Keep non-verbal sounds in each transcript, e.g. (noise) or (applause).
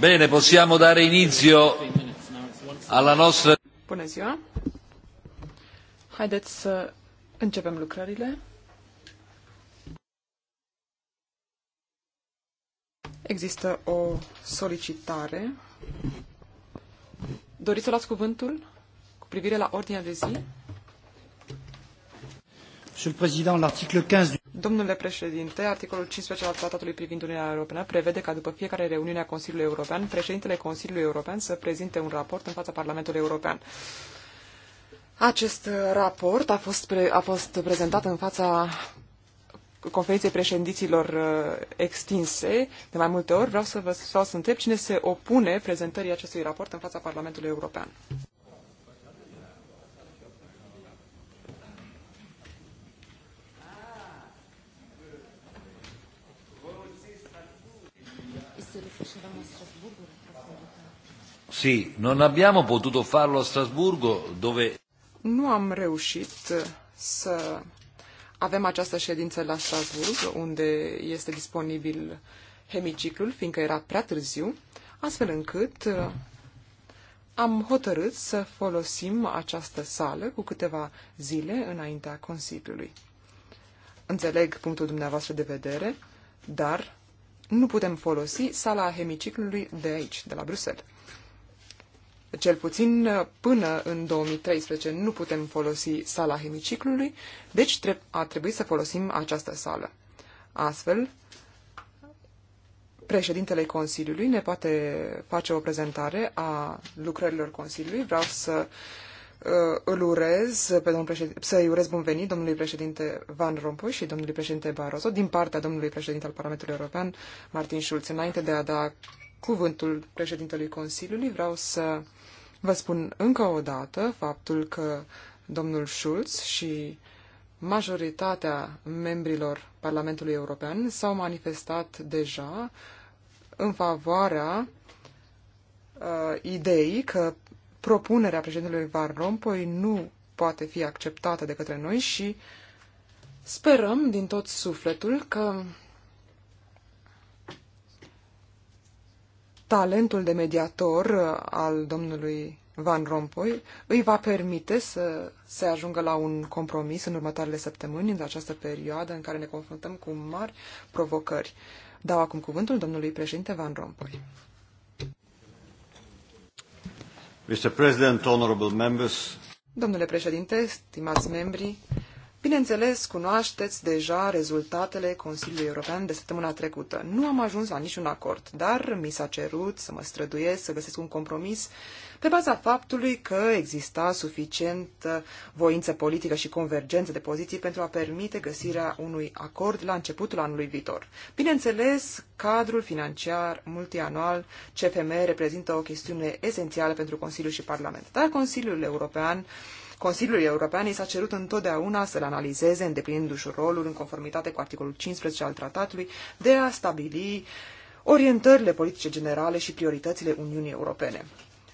Bine, possiamo dare inizio alla nostra... Bună ziua! Haideți să începem lucrările. Există o solicitare. Doriți să luați cuvântul cu privire la ordinea de zi? Monsieur le Président, l'article 15 du Domnule președinte, articolul 15 al Tratatului privind Uniunea Europeană prevede ca după fiecare reuniune a Consiliului European, președintele Consiliului European să prezinte un raport în fața Parlamentului European. Acest uh, raport a fost, pre, a fost prezentat în fața conferinței președinților uh, extinse de mai multe ori. Vreau să vă să întreb cine se opune prezentării acestui raport în fața Parlamentului European. Sì, non abbiamo potuto farlo a Strasburgo dove... Nu am reușit să avem această ședință la Strasburg, unde este disponibil hemiciclul, fiindcă era prea târziu, astfel încât uh, am hotărât să folosim această sală cu câteva zile înaintea Consiliului. Înțeleg punctul dumneavoastră de vedere, dar nu putem folosi sala hemiciclului de aici, de la Bruxelles cel puțin uh, până în 2013 nu putem folosi sala hemiciclului, deci a trebuit să folosim această sală. Astfel, președintele Consiliului ne poate face o prezentare a lucrărilor Consiliului. Vreau să uh, îl urez, pe domnul președinte, să-i urez bun venit domnului președinte Van Rompuy și domnului președinte Barroso din partea domnului președinte al Parlamentului European, Martin Schulz, înainte de a da cuvântul președintelui Consiliului, vreau să vă spun încă o dată faptul că domnul Schulz și majoritatea membrilor Parlamentului European s-au manifestat deja în favoarea uh, ideii că propunerea președintelui Van Rompuy nu poate fi acceptată de către noi și sperăm din tot sufletul că talentul de mediator uh, al domnului Van Rompuy îi va permite să se ajungă la un compromis în următoarele săptămâni, în această perioadă în care ne confruntăm cu mari provocări. Dau acum cuvântul domnului președinte Van Rompuy. Mr. President, honorable members. Domnule președinte, stimați membri, Bineînțeles, cunoașteți deja rezultatele Consiliului European de săptămâna trecută. Nu am ajuns la niciun acord, dar mi s-a cerut să mă străduiesc să găsesc un compromis pe baza faptului că exista suficient voință politică și convergență de poziții pentru a permite găsirea unui acord la începutul anului viitor. Bineînțeles, cadrul financiar multianual CFM reprezintă o chestiune esențială pentru Consiliu și Parlament, dar Consiliul European Consiliului European i s-a cerut întotdeauna să-l analizeze, îndeplinindu-și rolul în conformitate cu articolul 15 al tratatului, de a stabili orientările politice generale și prioritățile Uniunii Europene.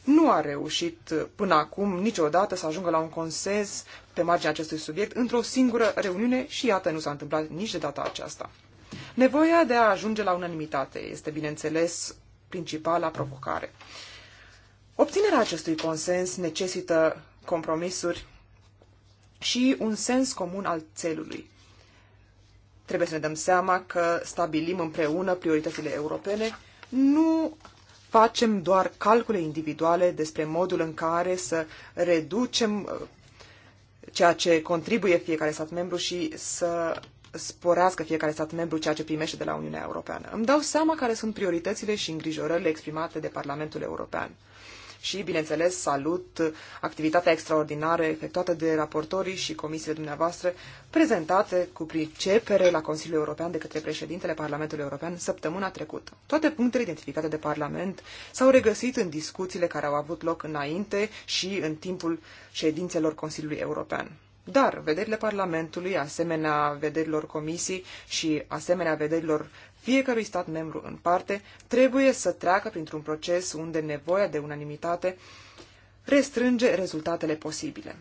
Nu a reușit până acum niciodată să ajungă la un consens pe marginea acestui subiect într-o singură reuniune și iată nu s-a întâmplat nici de data aceasta. Nevoia de a ajunge la unanimitate este, bineînțeles, principala provocare. Obținerea acestui consens necesită compromisuri și un sens comun al țelului. Trebuie să ne dăm seama că stabilim împreună prioritățile europene, nu facem doar calcule individuale despre modul în care să reducem uh, ceea ce contribuie fiecare stat membru și să sporească fiecare stat membru ceea ce primește de la Uniunea Europeană. Îmi dau seama care sunt prioritățile și îngrijorările exprimate de Parlamentul European și, bineînțeles, salut activitatea extraordinară efectuată de raportorii și comisiile dumneavoastră prezentate cu pricepere la Consiliul European de către președintele Parlamentului European săptămâna trecută. Toate punctele identificate de Parlament s-au regăsit în discuțiile care au avut loc înainte și în timpul ședințelor Consiliului European. Dar vederile Parlamentului, asemenea vederilor comisii și asemenea vederilor fiecărui stat membru în parte trebuie să treacă printr-un proces unde nevoia de unanimitate restrânge rezultatele posibile.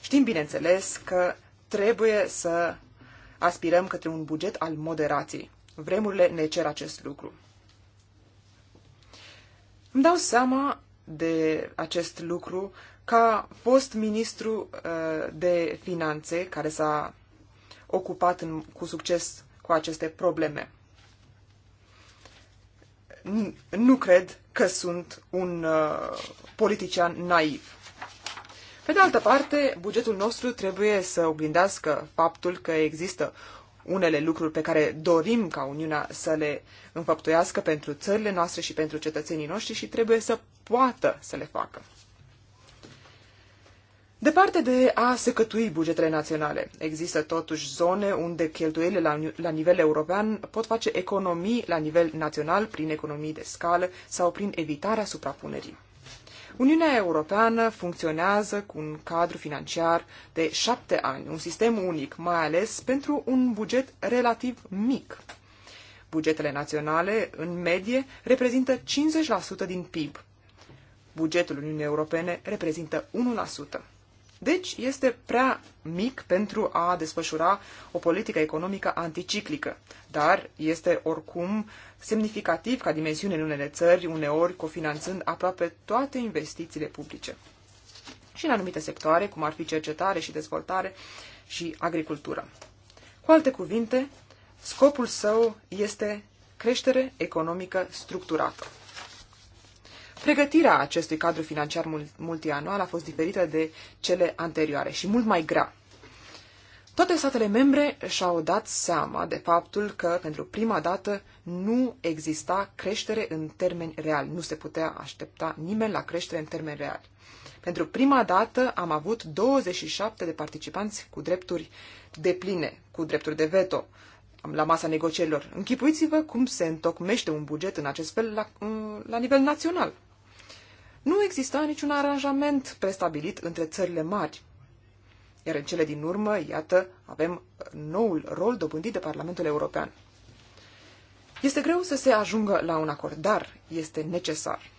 Știm, bineînțeles, că trebuie să aspirăm către un buget al moderației. Vremurile ne cer acest lucru. Îmi dau seama de acest lucru ca fost ministru uh, de finanțe care s-a ocupat în, cu succes cu aceste probleme nu cred că sunt un uh, politician naiv. Pe de altă parte, bugetul nostru trebuie să oglindească faptul că există unele lucruri pe care dorim ca Uniunea să le înfăptuiască pentru țările noastre și pentru cetățenii noștri și trebuie să poată să le facă. Departe de a se cătui bugetele naționale, există totuși zone unde cheltuielile la, la nivel european pot face economii la nivel național prin economii de scală sau prin evitarea suprapunerii. Uniunea Europeană funcționează cu un cadru financiar de șapte ani, un sistem unic, mai ales pentru un buget relativ mic. Bugetele naționale, în medie, reprezintă 50% din PIB. Bugetul Uniunii Europene reprezintă 1%. Deci este prea mic pentru a desfășura o politică economică anticiclică, dar este oricum semnificativ ca dimensiune în unele țări, uneori cofinanțând aproape toate investițiile publice. Și în anumite sectoare, cum ar fi cercetare și dezvoltare și agricultură. Cu alte cuvinte, scopul său este creștere economică structurată. Pregătirea acestui cadru financiar multianual a fost diferită de cele anterioare și mult mai grea. Toate statele membre și-au dat seama de faptul că, pentru prima dată, nu exista creștere în termeni reali. Nu se putea aștepta nimeni la creștere în termeni reali. Pentru prima dată am avut 27 de participanți cu drepturi de pline, cu drepturi de veto la masa negocierilor. Închipuiți-vă cum se întocmește un buget în acest fel la, la nivel național. Nu exista niciun aranjament prestabilit între țările mari. Iar în cele din urmă, iată, avem noul rol dobândit de Parlamentul European. Este greu să se ajungă la un acord, dar este necesar.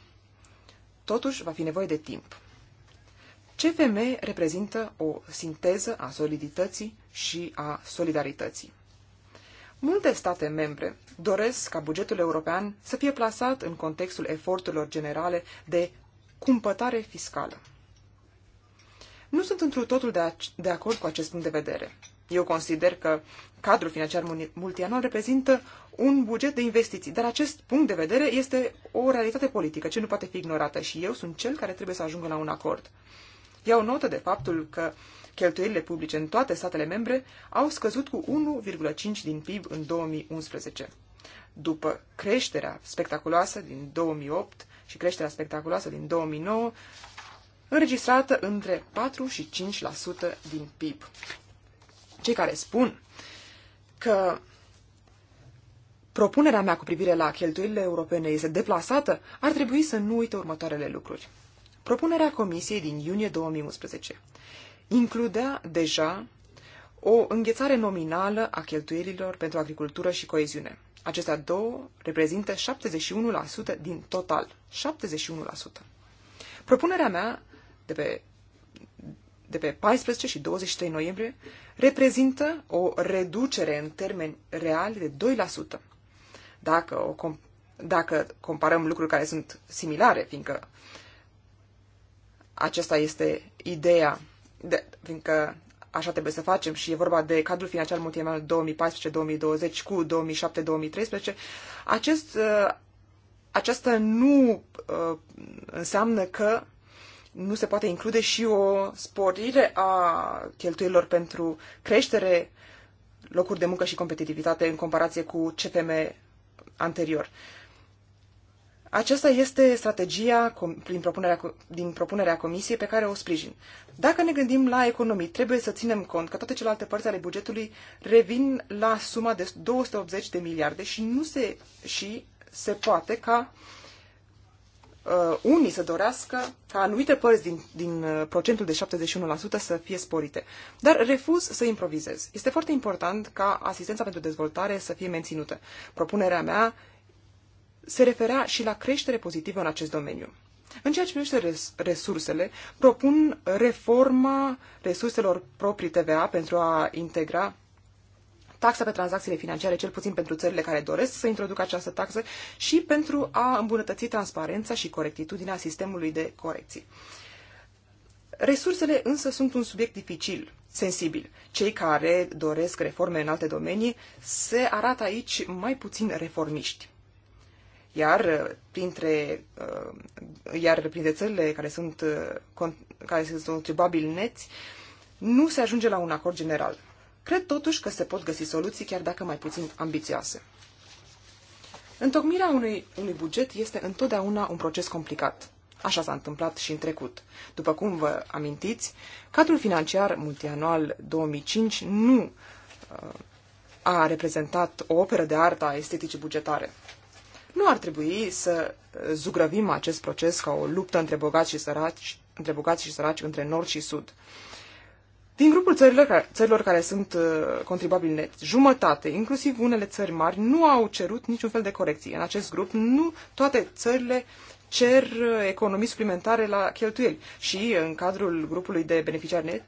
Totuși, va fi nevoie de timp. CFM reprezintă o sinteză a solidității și a solidarității. Multe state membre doresc ca bugetul european să fie plasat în contextul eforturilor generale de cumpătare fiscală. Nu sunt întru totul de, de acord cu acest punct de vedere. Eu consider că cadrul financiar multianual reprezintă un buget de investiții, dar acest punct de vedere este o realitate politică ce nu poate fi ignorată și eu sunt cel care trebuie să ajungă la un acord. Iau notă de faptul că cheltuielile publice în toate statele membre au scăzut cu 1,5 din PIB în 2011. După creșterea spectaculoasă din 2008, și creșterea spectaculoasă din 2009, înregistrată între 4 și 5% din PIB. Cei care spun că propunerea mea cu privire la cheltuielile europene este deplasată, ar trebui să nu uite următoarele lucruri. Propunerea Comisiei din iunie 2011 includea deja o înghețare nominală a cheltuielilor pentru agricultură și coeziune. Acestea două reprezintă 71% din total. 71%. Propunerea mea de pe, de pe 14 și 23 noiembrie reprezintă o reducere în termeni reali de 2%. Dacă, o comp- dacă comparăm lucruri care sunt similare, fiindcă aceasta este ideea, de, fiindcă așa trebuie să facem și e vorba de cadrul financiar multianual 2014-2020 cu 2007-2013, acest, uh, aceasta nu uh, înseamnă că nu se poate include și o sporire a cheltuielor pentru creștere, locuri de muncă și competitivitate în comparație cu CFM anterior. Aceasta este strategia prin propunerea, din propunerea Comisiei pe care o sprijin. Dacă ne gândim la economii, trebuie să ținem cont că toate celelalte părți ale bugetului revin la suma de 280 de miliarde și nu se, și se poate ca uh, unii să dorească ca anumite părți din, din uh, procentul de 71% să fie sporite. Dar refuz să improvizez. Este foarte important ca asistența pentru dezvoltare să fie menținută. Propunerea mea se referea și la creștere pozitivă în acest domeniu. În ceea ce privește resursele, propun reforma resurselor proprii TVA pentru a integra taxa pe tranzacțiile financiare, cel puțin pentru țările care doresc să introducă această taxă și pentru a îmbunătăți transparența și corectitudinea sistemului de corecții. Resursele însă sunt un subiect dificil, sensibil. Cei care doresc reforme în alte domenii se arată aici mai puțin reformiști. Iar uh, printre, uh, iar printre țările care sunt, uh, care sunt contribuabili neți, nu se ajunge la un acord general. Cred totuși că se pot găsi soluții, chiar dacă mai puțin ambițioase. Întocmirea unui, unui buget este întotdeauna un proces complicat. Așa s-a întâmplat și în trecut. După cum vă amintiți, cadrul financiar multianual 2005 nu a reprezentat o operă de artă a esteticii bugetare. Nu ar trebui să uh, zugrăvim acest proces ca o luptă între bogați și săraci, între bogați și săraci, între nord și sud. Din grupul țărilor care, țărilor care sunt uh, contribuabili net, jumătate, inclusiv unele țări mari, nu au cerut niciun fel de corecție. În acest grup, nu toate țările cer uh, economii suplimentare la cheltuieli. Și în cadrul grupului de beneficiari net,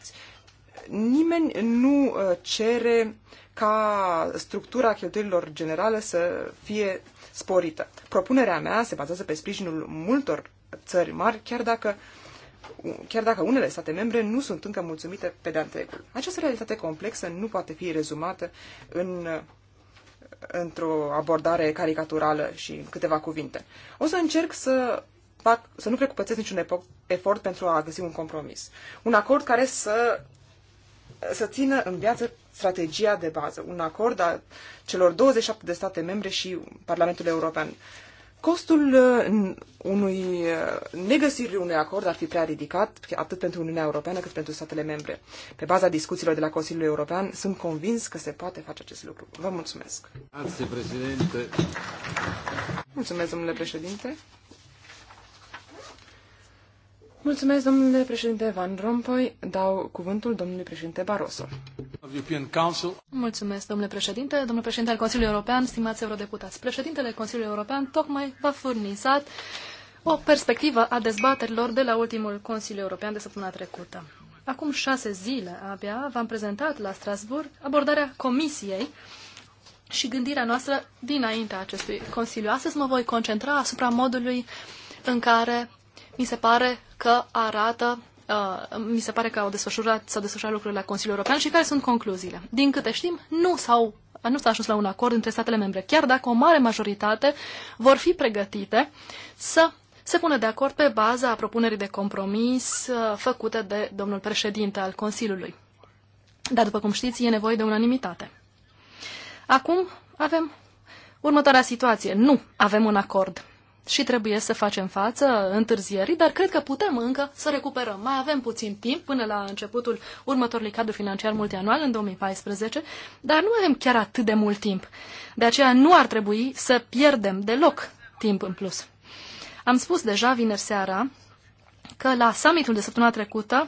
nimeni nu cere ca structura cheltuielilor generale să fie sporită. Propunerea mea se bazează pe sprijinul multor țări mari, chiar dacă chiar dacă unele state membre nu sunt încă mulțumite pe de întregul. Această realitate complexă nu poate fi rezumată în, într-o abordare caricaturală și în câteva cuvinte. O să încerc să fac, să nu precupățesc niciun efort pentru a găsi un compromis. Un acord care să să țină în viață strategia de bază, un acord a celor 27 de state membre și Parlamentul European. Costul uh, unui uh, negăsiri unui acord ar fi prea ridicat, atât pentru Uniunea Europeană cât pentru statele membre. Pe baza discuțiilor de la Consiliul European, sunt convins că se poate face acest lucru. Vă mulțumesc. Mulțumesc, domnule președinte. Mulțumesc, domnule președinte Van Rompuy. Dau cuvântul domnului președinte Barroso. Mulțumesc, domnule președinte. Domnule președinte al Consiliului European, stimați eurodeputați, președintele Consiliului European tocmai va furnizat o perspectivă a dezbaterilor de la ultimul Consiliu European de săptămâna trecută. Acum șase zile abia v-am prezentat la Strasburg abordarea Comisiei și gândirea noastră dinaintea acestui Consiliu. Astăzi mă voi concentra asupra modului în care mi se pare că arată Uh, mi se pare că au desfășurat, s-au desfășurat lucrurile la Consiliul European și care sunt concluziile. Din câte știm, nu s-au nu s-a ajuns la un acord între statele membre, chiar dacă o mare majoritate vor fi pregătite să se pună de acord pe baza a propunerii de compromis uh, făcute de domnul președinte al Consiliului. Dar, după cum știți, e nevoie de unanimitate. Acum avem următoarea situație. Nu avem un acord și trebuie să facem față întârzierii, dar cred că putem încă să recuperăm. Mai avem puțin timp până la începutul următorului cadru financiar multianual în 2014, dar nu avem chiar atât de mult timp. De aceea nu ar trebui să pierdem deloc timp în plus. Am spus deja vineri seara că la summitul de săptămâna trecută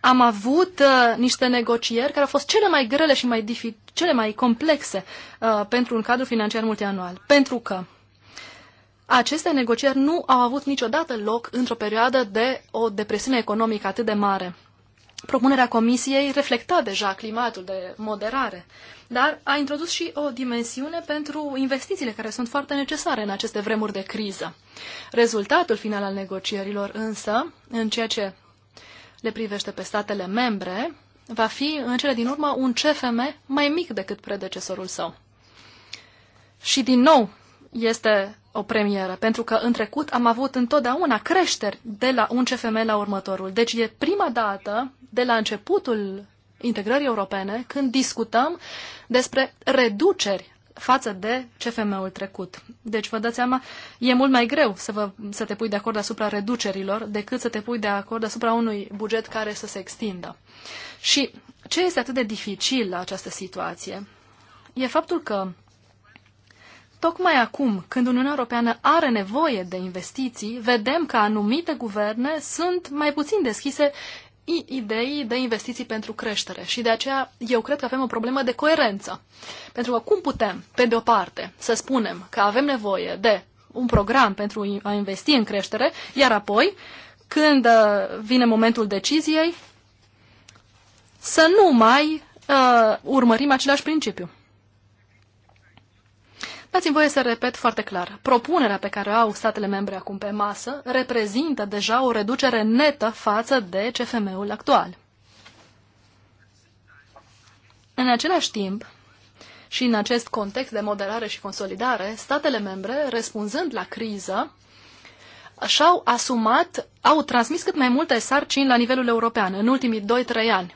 am avut uh, niște negocieri care au fost cele mai grele și mai cele mai complexe uh, pentru un cadru financiar multianual. Pentru că aceste negocieri nu au avut niciodată loc într-o perioadă de o depresiune economică atât de mare. Propunerea Comisiei reflecta deja climatul de moderare, dar a introdus și o dimensiune pentru investițiile care sunt foarte necesare în aceste vremuri de criză. Rezultatul final al negocierilor însă, în ceea ce le privește pe statele membre, va fi în cele din urmă un CFM mai mic decât predecesorul său. Și din nou este o premieră, pentru că în trecut am avut întotdeauna creșteri de la un CFM la următorul. Deci e prima dată de la începutul integrării europene când discutăm despre reduceri față de CFM-ul trecut. Deci, vă dați seama, e mult mai greu să, vă, să te pui de acord asupra reducerilor decât să te pui de acord asupra unui buget care să se extindă. Și ce este atât de dificil la această situație? E faptul că tocmai acum, când Uniunea Europeană are nevoie de investiții, vedem că anumite guverne sunt mai puțin deschise idei de investiții pentru creștere și de aceea eu cred că avem o problemă de coerență. Pentru că cum putem, pe de o parte, să spunem că avem nevoie de un program pentru a investi în creștere, iar apoi, când uh, vine momentul deciziei, să nu mai uh, urmărim același principiu. Dați-mi voie să repet foarte clar. Propunerea pe care o au statele membre acum pe masă reprezintă deja o reducere netă față de CFM-ul actual. În același timp, și în acest context de moderare și consolidare, statele membre, răspunzând la criză, și-au asumat, au transmis cât mai multe sarcini la nivelul european în ultimii 2-3 ani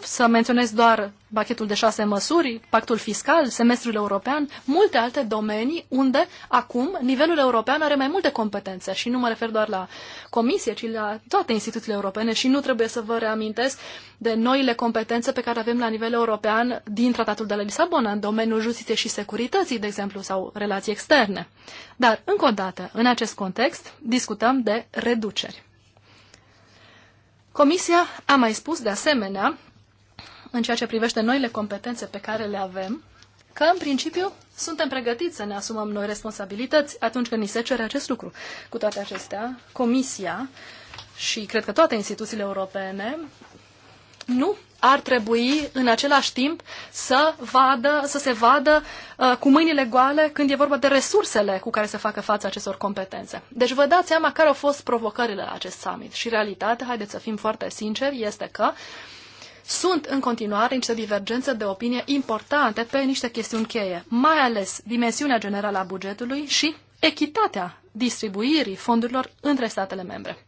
să menționez doar bachetul de șase măsuri, pactul fiscal, semestrul european, multe alte domenii unde acum nivelul european are mai multe competențe și nu mă refer doar la comisie, ci la toate instituțiile europene și nu trebuie să vă reamintesc de noile competențe pe care avem la nivel european din tratatul de la Lisabona, în domeniul justiției și securității, de exemplu, sau relații externe. Dar, încă o dată, în acest context, discutăm de reduceri. Comisia a mai spus de asemenea în ceea ce privește noile competențe pe care le avem, că, în principiu, suntem pregătiți să ne asumăm noi responsabilități atunci când ni se cere acest lucru. Cu toate acestea, Comisia și cred că toate instituțiile europene nu ar trebui în același timp să, vadă, să se vadă uh, cu mâinile goale când e vorba de resursele cu care să facă față acestor competențe. Deci vă dați seama care au fost provocările la acest summit și realitatea, haideți să fim foarte sinceri, este că uh, sunt în continuare niște divergențe de opinie importante pe niște chestiuni cheie, mai ales dimensiunea generală a bugetului și echitatea distribuirii fondurilor între statele membre.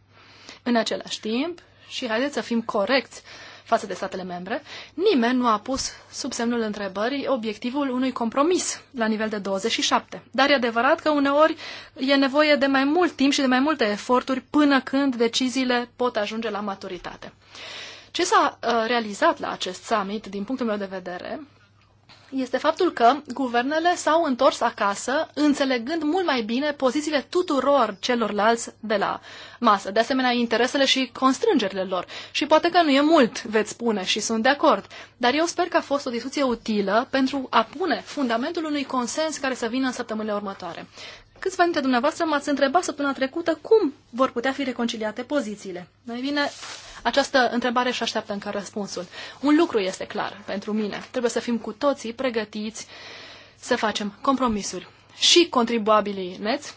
În același timp, și haideți să fim corecți față de statele membre, nimeni nu a pus sub semnul întrebării obiectivul unui compromis la nivel de 27. Dar e adevărat că uneori e nevoie de mai mult timp și de mai multe eforturi până când deciziile pot ajunge la maturitate. Ce s-a uh, realizat la acest summit, din punctul meu de vedere, este faptul că guvernele s-au întors acasă, înțelegând mult mai bine pozițiile tuturor celorlalți de la masă, de asemenea interesele și constrângerile lor. Și poate că nu e mult, veți spune, și sunt de acord, dar eu sper că a fost o discuție utilă pentru a pune fundamentul unui consens care să vină în săptămânile următoare. Câțiva dintre dumneavoastră m-ați întrebat săptămâna trecută cum vor putea fi reconciliate pozițiile. Mai bine, această întrebare și așteaptă încă răspunsul. Un lucru este clar pentru mine. Trebuie să fim cu toții pregătiți să facem compromisuri. Și contribuabilii neți,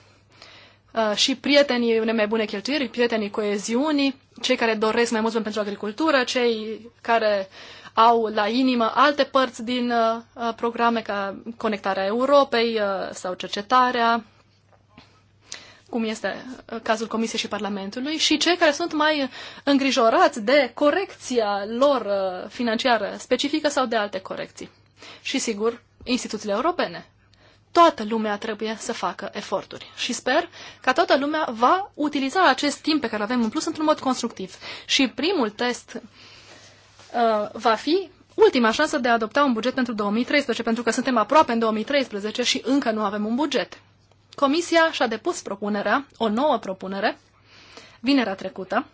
uh, și prietenii unei mai bune cheltuieri, prietenii coeziunii, cei care doresc mai mult pentru agricultură, cei care au la inimă alte părți din uh, programe ca conectarea Europei uh, sau cercetarea cum este uh, cazul Comisiei și Parlamentului, și cei care sunt mai îngrijorați de corecția lor uh, financiară specifică sau de alte corecții. Și, sigur, instituțiile europene. Toată lumea trebuie să facă eforturi și sper că toată lumea va utiliza acest timp pe care îl avem în plus într-un mod constructiv. Și primul test uh, va fi ultima șansă de a adopta un buget pentru 2013, pentru că suntem aproape în 2013 și încă nu avem un buget. Comisia și-a depus propunerea, o nouă propunere, vinerea trecută,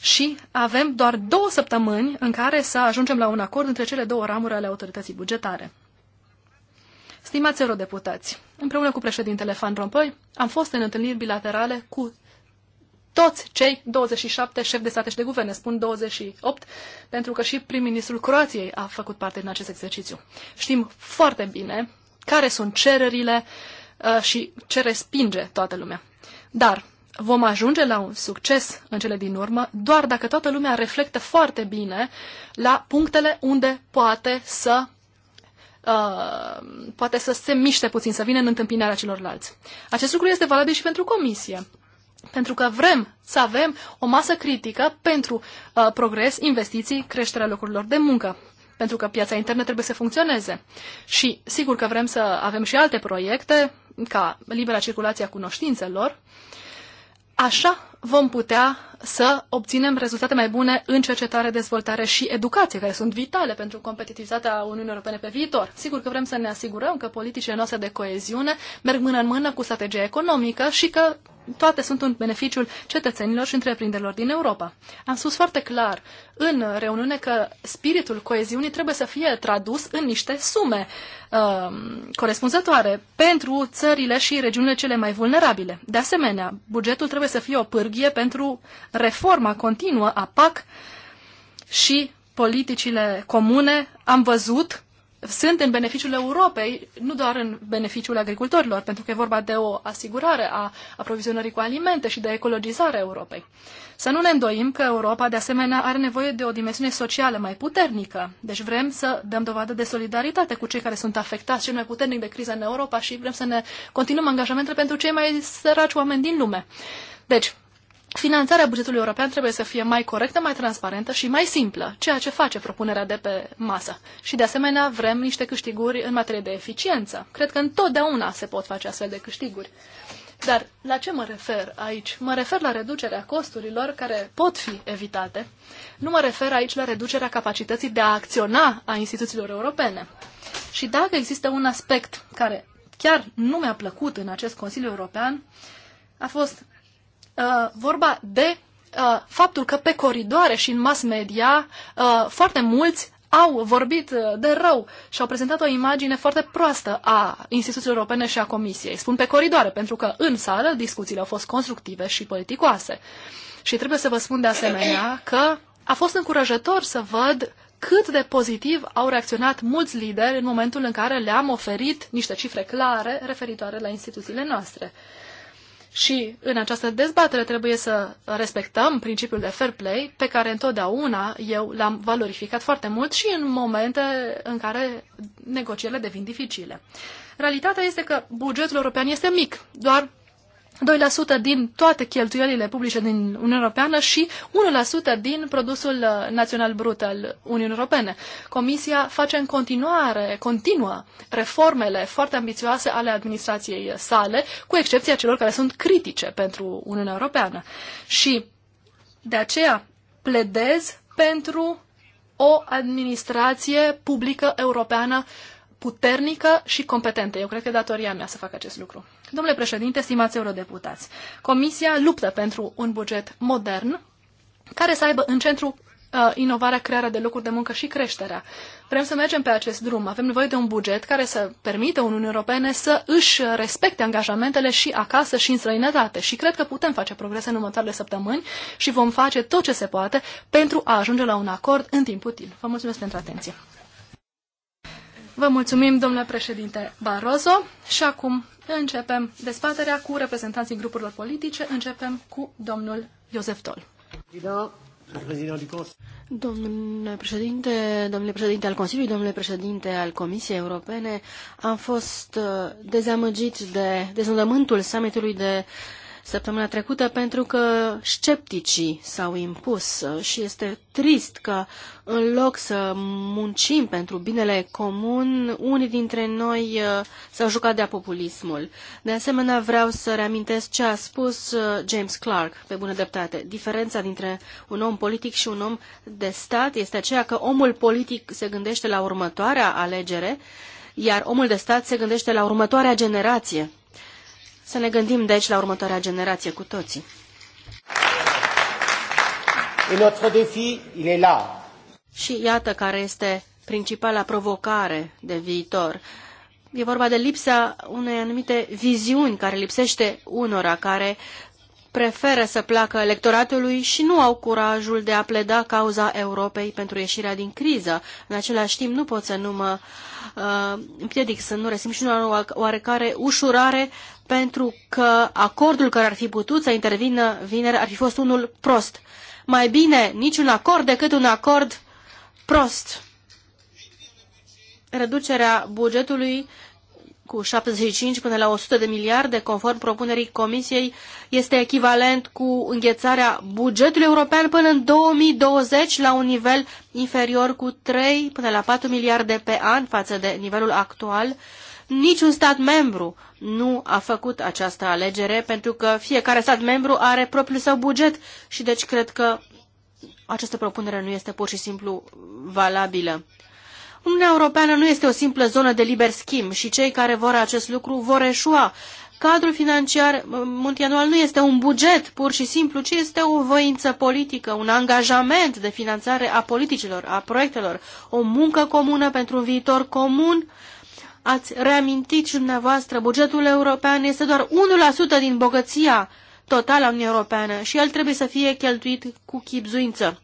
și avem doar două săptămâni în care să ajungem la un acord între cele două ramuri ale autorității bugetare. Stimați eurodeputați, împreună cu președintele Van Rompuy, am fost în întâlniri bilaterale cu toți cei 27 șefi de state și de guverne, spun 28, pentru că și prim-ministrul Croației a făcut parte din acest exercițiu. Știm foarte bine care sunt cererile uh, Uh, și ce respinge toată lumea. Dar vom ajunge la un succes în cele din urmă doar dacă toată lumea reflectă foarte bine la punctele unde poate să uh, poate să se miște puțin, să vină în întâmpinarea celorlalți. Acest lucru este valabil și pentru comisie. Pentru că vrem să avem o masă critică pentru uh, progres, investiții, creșterea locurilor de muncă pentru că piața internă trebuie să funcționeze. Și sigur că vrem să avem și alte proiecte, ca libera circulație a cunoștințelor, așa vom putea să obținem rezultate mai bune în cercetare, dezvoltare și educație, care sunt vitale pentru competitivitatea Uniunii Europene pe viitor. Sigur că vrem să ne asigurăm că politicile noastre de coeziune merg mână în mână cu strategia economică și că toate sunt în beneficiul cetățenilor și întreprinderilor din Europa. Am spus foarte clar în reuniune că spiritul coeziunii trebuie să fie tradus în niște sume uh, corespunzătoare pentru țările și regiunile cele mai vulnerabile. De asemenea, bugetul trebuie să fie o pârghie pentru reforma continuă a PAC și politicile comune. Am văzut sunt în beneficiul Europei, nu doar în beneficiul agricultorilor, pentru că e vorba de o asigurare a aprovizionării cu alimente și de ecologizare a Europei. Să nu ne îndoim că Europa, de asemenea, are nevoie de o dimensiune socială mai puternică. Deci vrem să dăm dovadă de solidaritate cu cei care sunt afectați cel mai puternic de criza în Europa și vrem să ne continuăm angajamentele pentru cei mai săraci oameni din lume. Deci, Finanțarea bugetului european trebuie să fie mai corectă, mai transparentă și mai simplă, ceea ce face propunerea de pe masă. Și de asemenea vrem niște câștiguri în materie de eficiență. Cred că întotdeauna se pot face astfel de câștiguri. Dar la ce mă refer aici? Mă refer la reducerea costurilor care pot fi evitate. Nu mă refer aici la reducerea capacității de a acționa a instituțiilor europene. Și dacă există un aspect care chiar nu mi-a plăcut în acest Consiliu European, a fost Uh, vorba de uh, faptul că pe coridoare și în mass media uh, foarte mulți au vorbit uh, de rău și au prezentat o imagine foarte proastă a instituțiilor europene și a Comisiei. Spun pe coridoare, pentru că în sală discuțiile au fost constructive și politicoase. Și trebuie să vă spun de asemenea că a fost încurajător să văd cât de pozitiv au reacționat mulți lideri în momentul în care le-am oferit niște cifre clare referitoare la instituțiile noastre. Și în această dezbatere trebuie să respectăm principiul de fair play pe care întotdeauna eu l-am valorificat foarte mult și în momente în care negocierile devin dificile. Realitatea este că bugetul european este mic, doar 2% din toate cheltuielile publice din Uniunea Europeană și 1% din produsul uh, național brut al Uniunii Europene. Comisia face în continuare, continuă reformele foarte ambițioase ale administrației sale, cu excepția celor care sunt critice pentru Uniunea Europeană. Și de aceea pledez pentru o administrație publică europeană puternică și competentă. Eu cred că e datoria mea să fac acest lucru. Domnule președinte, stimați eurodeputați, Comisia luptă pentru un buget modern care să aibă în centru uh, inovarea, crearea de locuri de muncă și creșterea. Vrem să mergem pe acest drum. Avem nevoie de un buget care să permită Uniunii Europene să își respecte angajamentele și acasă și în străinătate. Și cred că putem face progrese în următoarele săptămâni și vom face tot ce se poate pentru a ajunge la un acord în timp util. Vă mulțumesc pentru atenție. Vă mulțumim, domnule președinte Barroso, și acum începem dezbaterea cu reprezentanții grupurilor politice. Începem cu domnul Iosef Tol. Domnule președinte, domnule președinte al Consiliului, domnule președinte al Comisiei Europene, am fost uh, dezamăgit de dezamăgitul summitului de uh, săptămâna trecută pentru că scepticii s-au impus și este trist că în loc să muncim pentru binele comun, unii dintre noi uh, s-au jucat de-a populismul. De asemenea, vreau să reamintesc ce a spus uh, James Clark, pe bună dreptate. Diferența dintre un om politic și un om de stat este aceea că omul politic se gândește la următoarea alegere, iar omul de stat se gândește la următoarea generație să ne gândim, deci, la următoarea generație cu toții. Et notre défi, il est là. Și iată care este principala provocare de viitor. E vorba de lipsa unei anumite viziuni care lipsește unora care preferă să placă electoratului și nu au curajul de a pleda cauza Europei pentru ieșirea din criză. În același timp, nu pot să nu mă uh, împiedic să nu resim și nu oarecare ușurare pentru că acordul care ar fi putut să intervină vineri ar fi fost unul prost. Mai bine niciun acord decât un acord prost. Reducerea bugetului cu 75 până la 100 de miliarde, conform propunerii Comisiei, este echivalent cu înghețarea bugetului european până în 2020 la un nivel inferior cu 3 până la 4 miliarde pe an față de nivelul actual. Niciun stat membru nu a făcut această alegere pentru că fiecare stat membru are propriul său buget și deci cred că această propunere nu este pur și simplu valabilă. Uniunea Europeană nu este o simplă zonă de liber schimb și cei care vor acest lucru vor eșua. Cadrul financiar multianual nu este un buget pur și simplu, ci este o voință politică, un angajament de finanțare a politicilor, a proiectelor, o muncă comună pentru un viitor comun. Ați reamintit și dumneavoastră, bugetul european este doar 1% din bogăția totală a Uniunii Europeană și el trebuie să fie cheltuit cu chipzuință.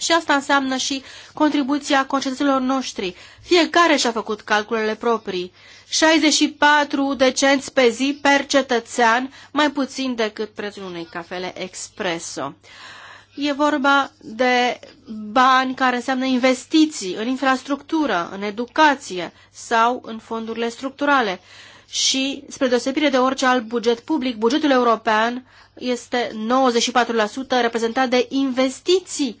Și asta înseamnă și contribuția concetățenilor noștri. Fiecare și-a făcut calculele proprii. 64 de cenți pe zi per cetățean, mai puțin decât prețul unei cafele expreso. E vorba de bani care înseamnă investiții în infrastructură, în educație sau în fondurile structurale. Și, spre deosebire de orice alt buget public, bugetul european este 94% reprezentat de investiții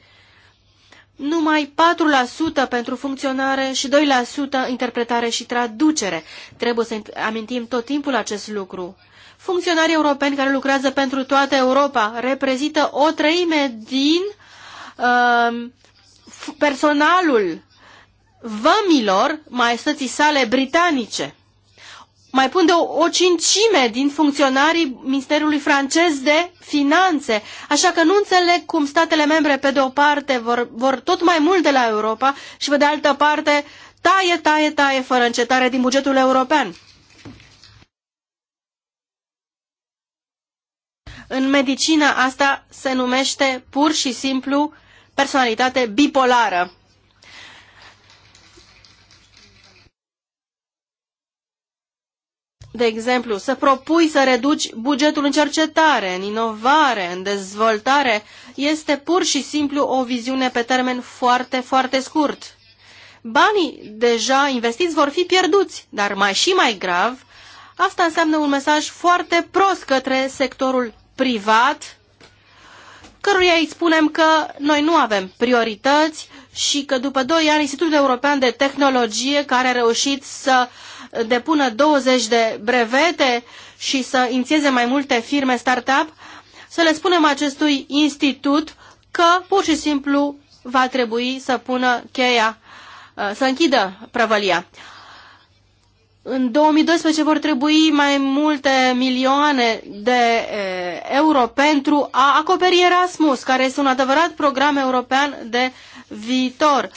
numai 4% pentru funcționare și 2% interpretare și traducere. Trebuie să amintim tot timpul acest lucru. Funcționarii europeni care lucrează pentru toată Europa reprezintă o treime din uh, personalul vămilor maestății sale britanice mai pun de o, o cincime din funcționarii Ministerului francez de finanțe. Așa că nu înțeleg cum statele membre, pe de o parte, vor, vor tot mai mult de la Europa și, pe de altă parte, taie, taie, taie, fără încetare din bugetul european. În medicină asta se numește pur și simplu personalitate bipolară. de exemplu, să propui să reduci bugetul în cercetare, în inovare, în dezvoltare, este pur și simplu o viziune pe termen foarte, foarte scurt. Banii deja investiți vor fi pierduți, dar mai și mai grav, asta înseamnă un mesaj foarte prost către sectorul privat, căruia îi spunem că noi nu avem priorități și că după 2 ani Institutul European de Tehnologie, care a reușit să uh, depună 20 de brevete și să inițieze mai multe firme startup, să le spunem acestui institut că pur și simplu va trebui să pună cheia, uh, să închidă prăvălia. În 2012 vor trebui mai multe milioane de uh, euro pentru a acoperi Erasmus, care este un adevărat program european de viitor.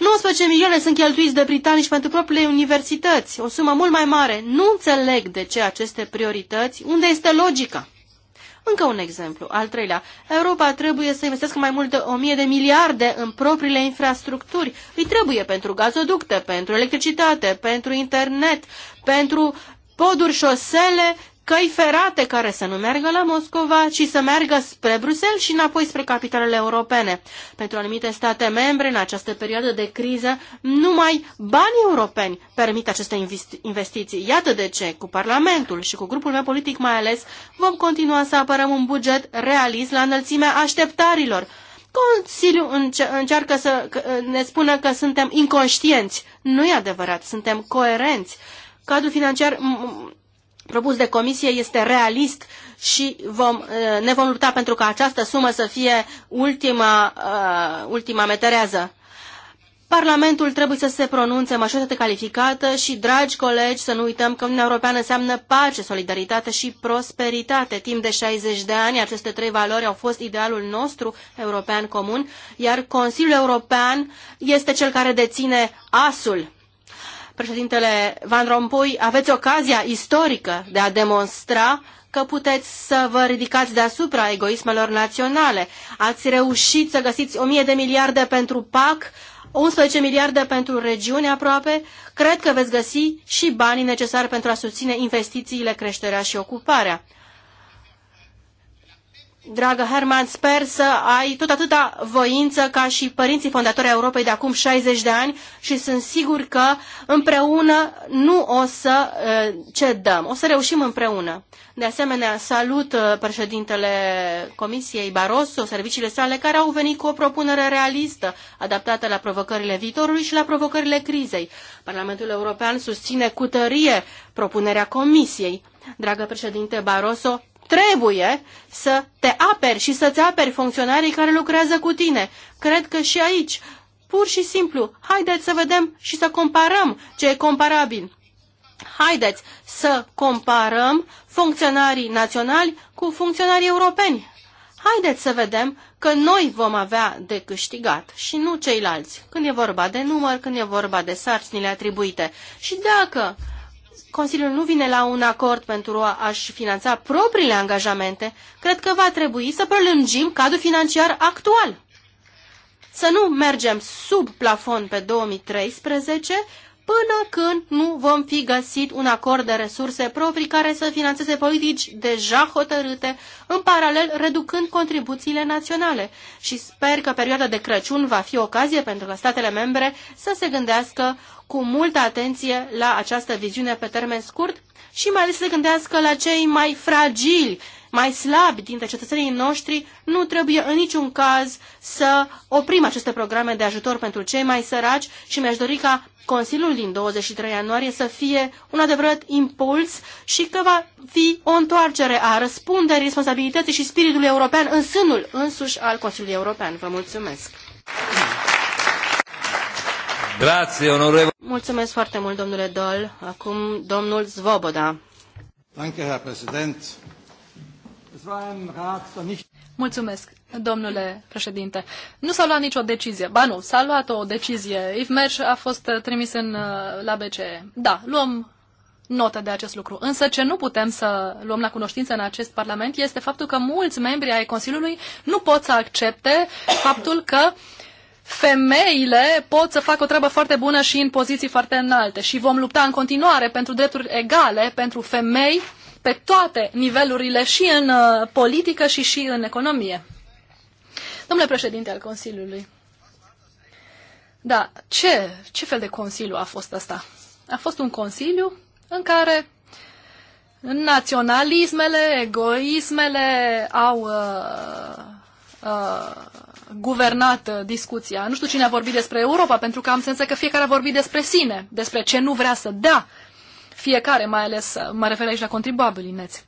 19 milioane sunt cheltuiți de britanici pentru propriile universități, o sumă mult mai mare. Nu înțeleg de ce aceste priorități, unde este logica. Încă un exemplu, al treilea. Europa trebuie să investească mai mult de 1000 de miliarde în propriile infrastructuri. Îi trebuie pentru gazoducte, pentru electricitate, pentru internet, pentru poduri, șosele căi ferate care să nu meargă la Moscova, ci să meargă spre Bruxelles și înapoi spre capitalele europene. Pentru anumite state membre, în această perioadă de criză, numai banii europeni permit aceste investiții. Iată de ce, cu Parlamentul și cu grupul meu politic mai ales, vom continua să apărăm un buget realist la înălțimea așteptărilor. Consiliul înce încearcă să ne spună că suntem inconștienți. Nu e adevărat, suntem coerenți. Cadrul financiar propus de comisie este realist și vom, uh, ne vom lupta pentru ca această sumă să fie ultima, uh, ultima meterează. Parlamentul trebuie să se pronunțe majoritate calificată și, dragi colegi, să nu uităm că Uniunea Europeană înseamnă pace, solidaritate și prosperitate. Timp de 60 de ani, aceste trei valori au fost idealul nostru european comun, iar Consiliul European este cel care deține asul președintele Van Rompuy, aveți ocazia istorică de a demonstra că puteți să vă ridicați deasupra egoismelor naționale. Ați reușit să găsiți 1000 de miliarde pentru PAC, 11 miliarde pentru regiune aproape. Cred că veți găsi și banii necesari pentru a susține investițiile, creșterea și ocuparea. Dragă Herman, sper să ai tot atâta voință ca și părinții fondatori ai Europei de acum 60 de ani și sunt sigur că împreună nu o să uh, cedăm, o să reușim împreună. De asemenea, salut uh, președintele Comisiei Barroso, serviciile sale care au venit cu o propunere realistă, adaptată la provocările viitorului și la provocările crizei. Parlamentul European susține cu tărie propunerea Comisiei. Dragă președinte Barroso, trebuie să te aperi și să-ți aperi funcționarii care lucrează cu tine. Cred că și aici, pur și simplu, haideți să vedem și să comparăm ce e comparabil. Haideți să comparăm funcționarii naționali cu funcționarii europeni. Haideți să vedem că noi vom avea de câștigat și nu ceilalți, când e vorba de număr, când e vorba de sarcinile atribuite. Și dacă Consiliul nu vine la un acord pentru a-și finanța propriile angajamente, cred că va trebui să prelungim cadrul financiar actual. Să nu mergem sub plafon pe 2013, până când nu vom fi găsit un acord de resurse proprii care să finanțeze politici deja hotărâte, în paralel reducând contribuțiile naționale. Și sper că perioada de Crăciun va fi ocazie pentru că statele membre să se gândească cu multă atenție la această viziune pe termen scurt și mai ales să se gândească la cei mai fragili mai slabi dintre cetățenii noștri, nu trebuie în niciun caz să oprim aceste programe de ajutor pentru cei mai săraci și mi-aș dori ca Consiliul din 23 ianuarie să fie un adevărat impuls și că va fi o întoarcere a răspunderii, responsabilității și spiritului european în sânul însuși al Consiliului European. Vă mulțumesc! Grazie, onorevole. Mulțumesc foarte mult, domnule Dol. Acum, domnul Zvoboda. Danke, Herr Präsident. Mulțumesc, domnule președinte. Nu s-a luat nicio decizie. Ba nu, s-a luat o decizie. Yves Merch a fost trimis în, uh, la BCE. Da, luăm notă de acest lucru. Însă ce nu putem să luăm la cunoștință în acest Parlament este faptul că mulți membri ai Consiliului nu pot să accepte faptul că femeile pot să facă o treabă foarte bună și în poziții foarte înalte și vom lupta în continuare pentru drepturi egale pentru femei pe toate nivelurile, și în uh, politică și și în economie. Domnule președinte al Consiliului, da, ce, ce fel de consiliu a fost asta? A fost un consiliu în care naționalismele, egoismele au uh, uh, guvernat discuția. Nu știu cine a vorbit despre Europa, pentru că am senzația că fiecare a vorbit despre sine, despre ce nu vrea să dea fiecare, mai ales mă refer aici la contribuabilii neți.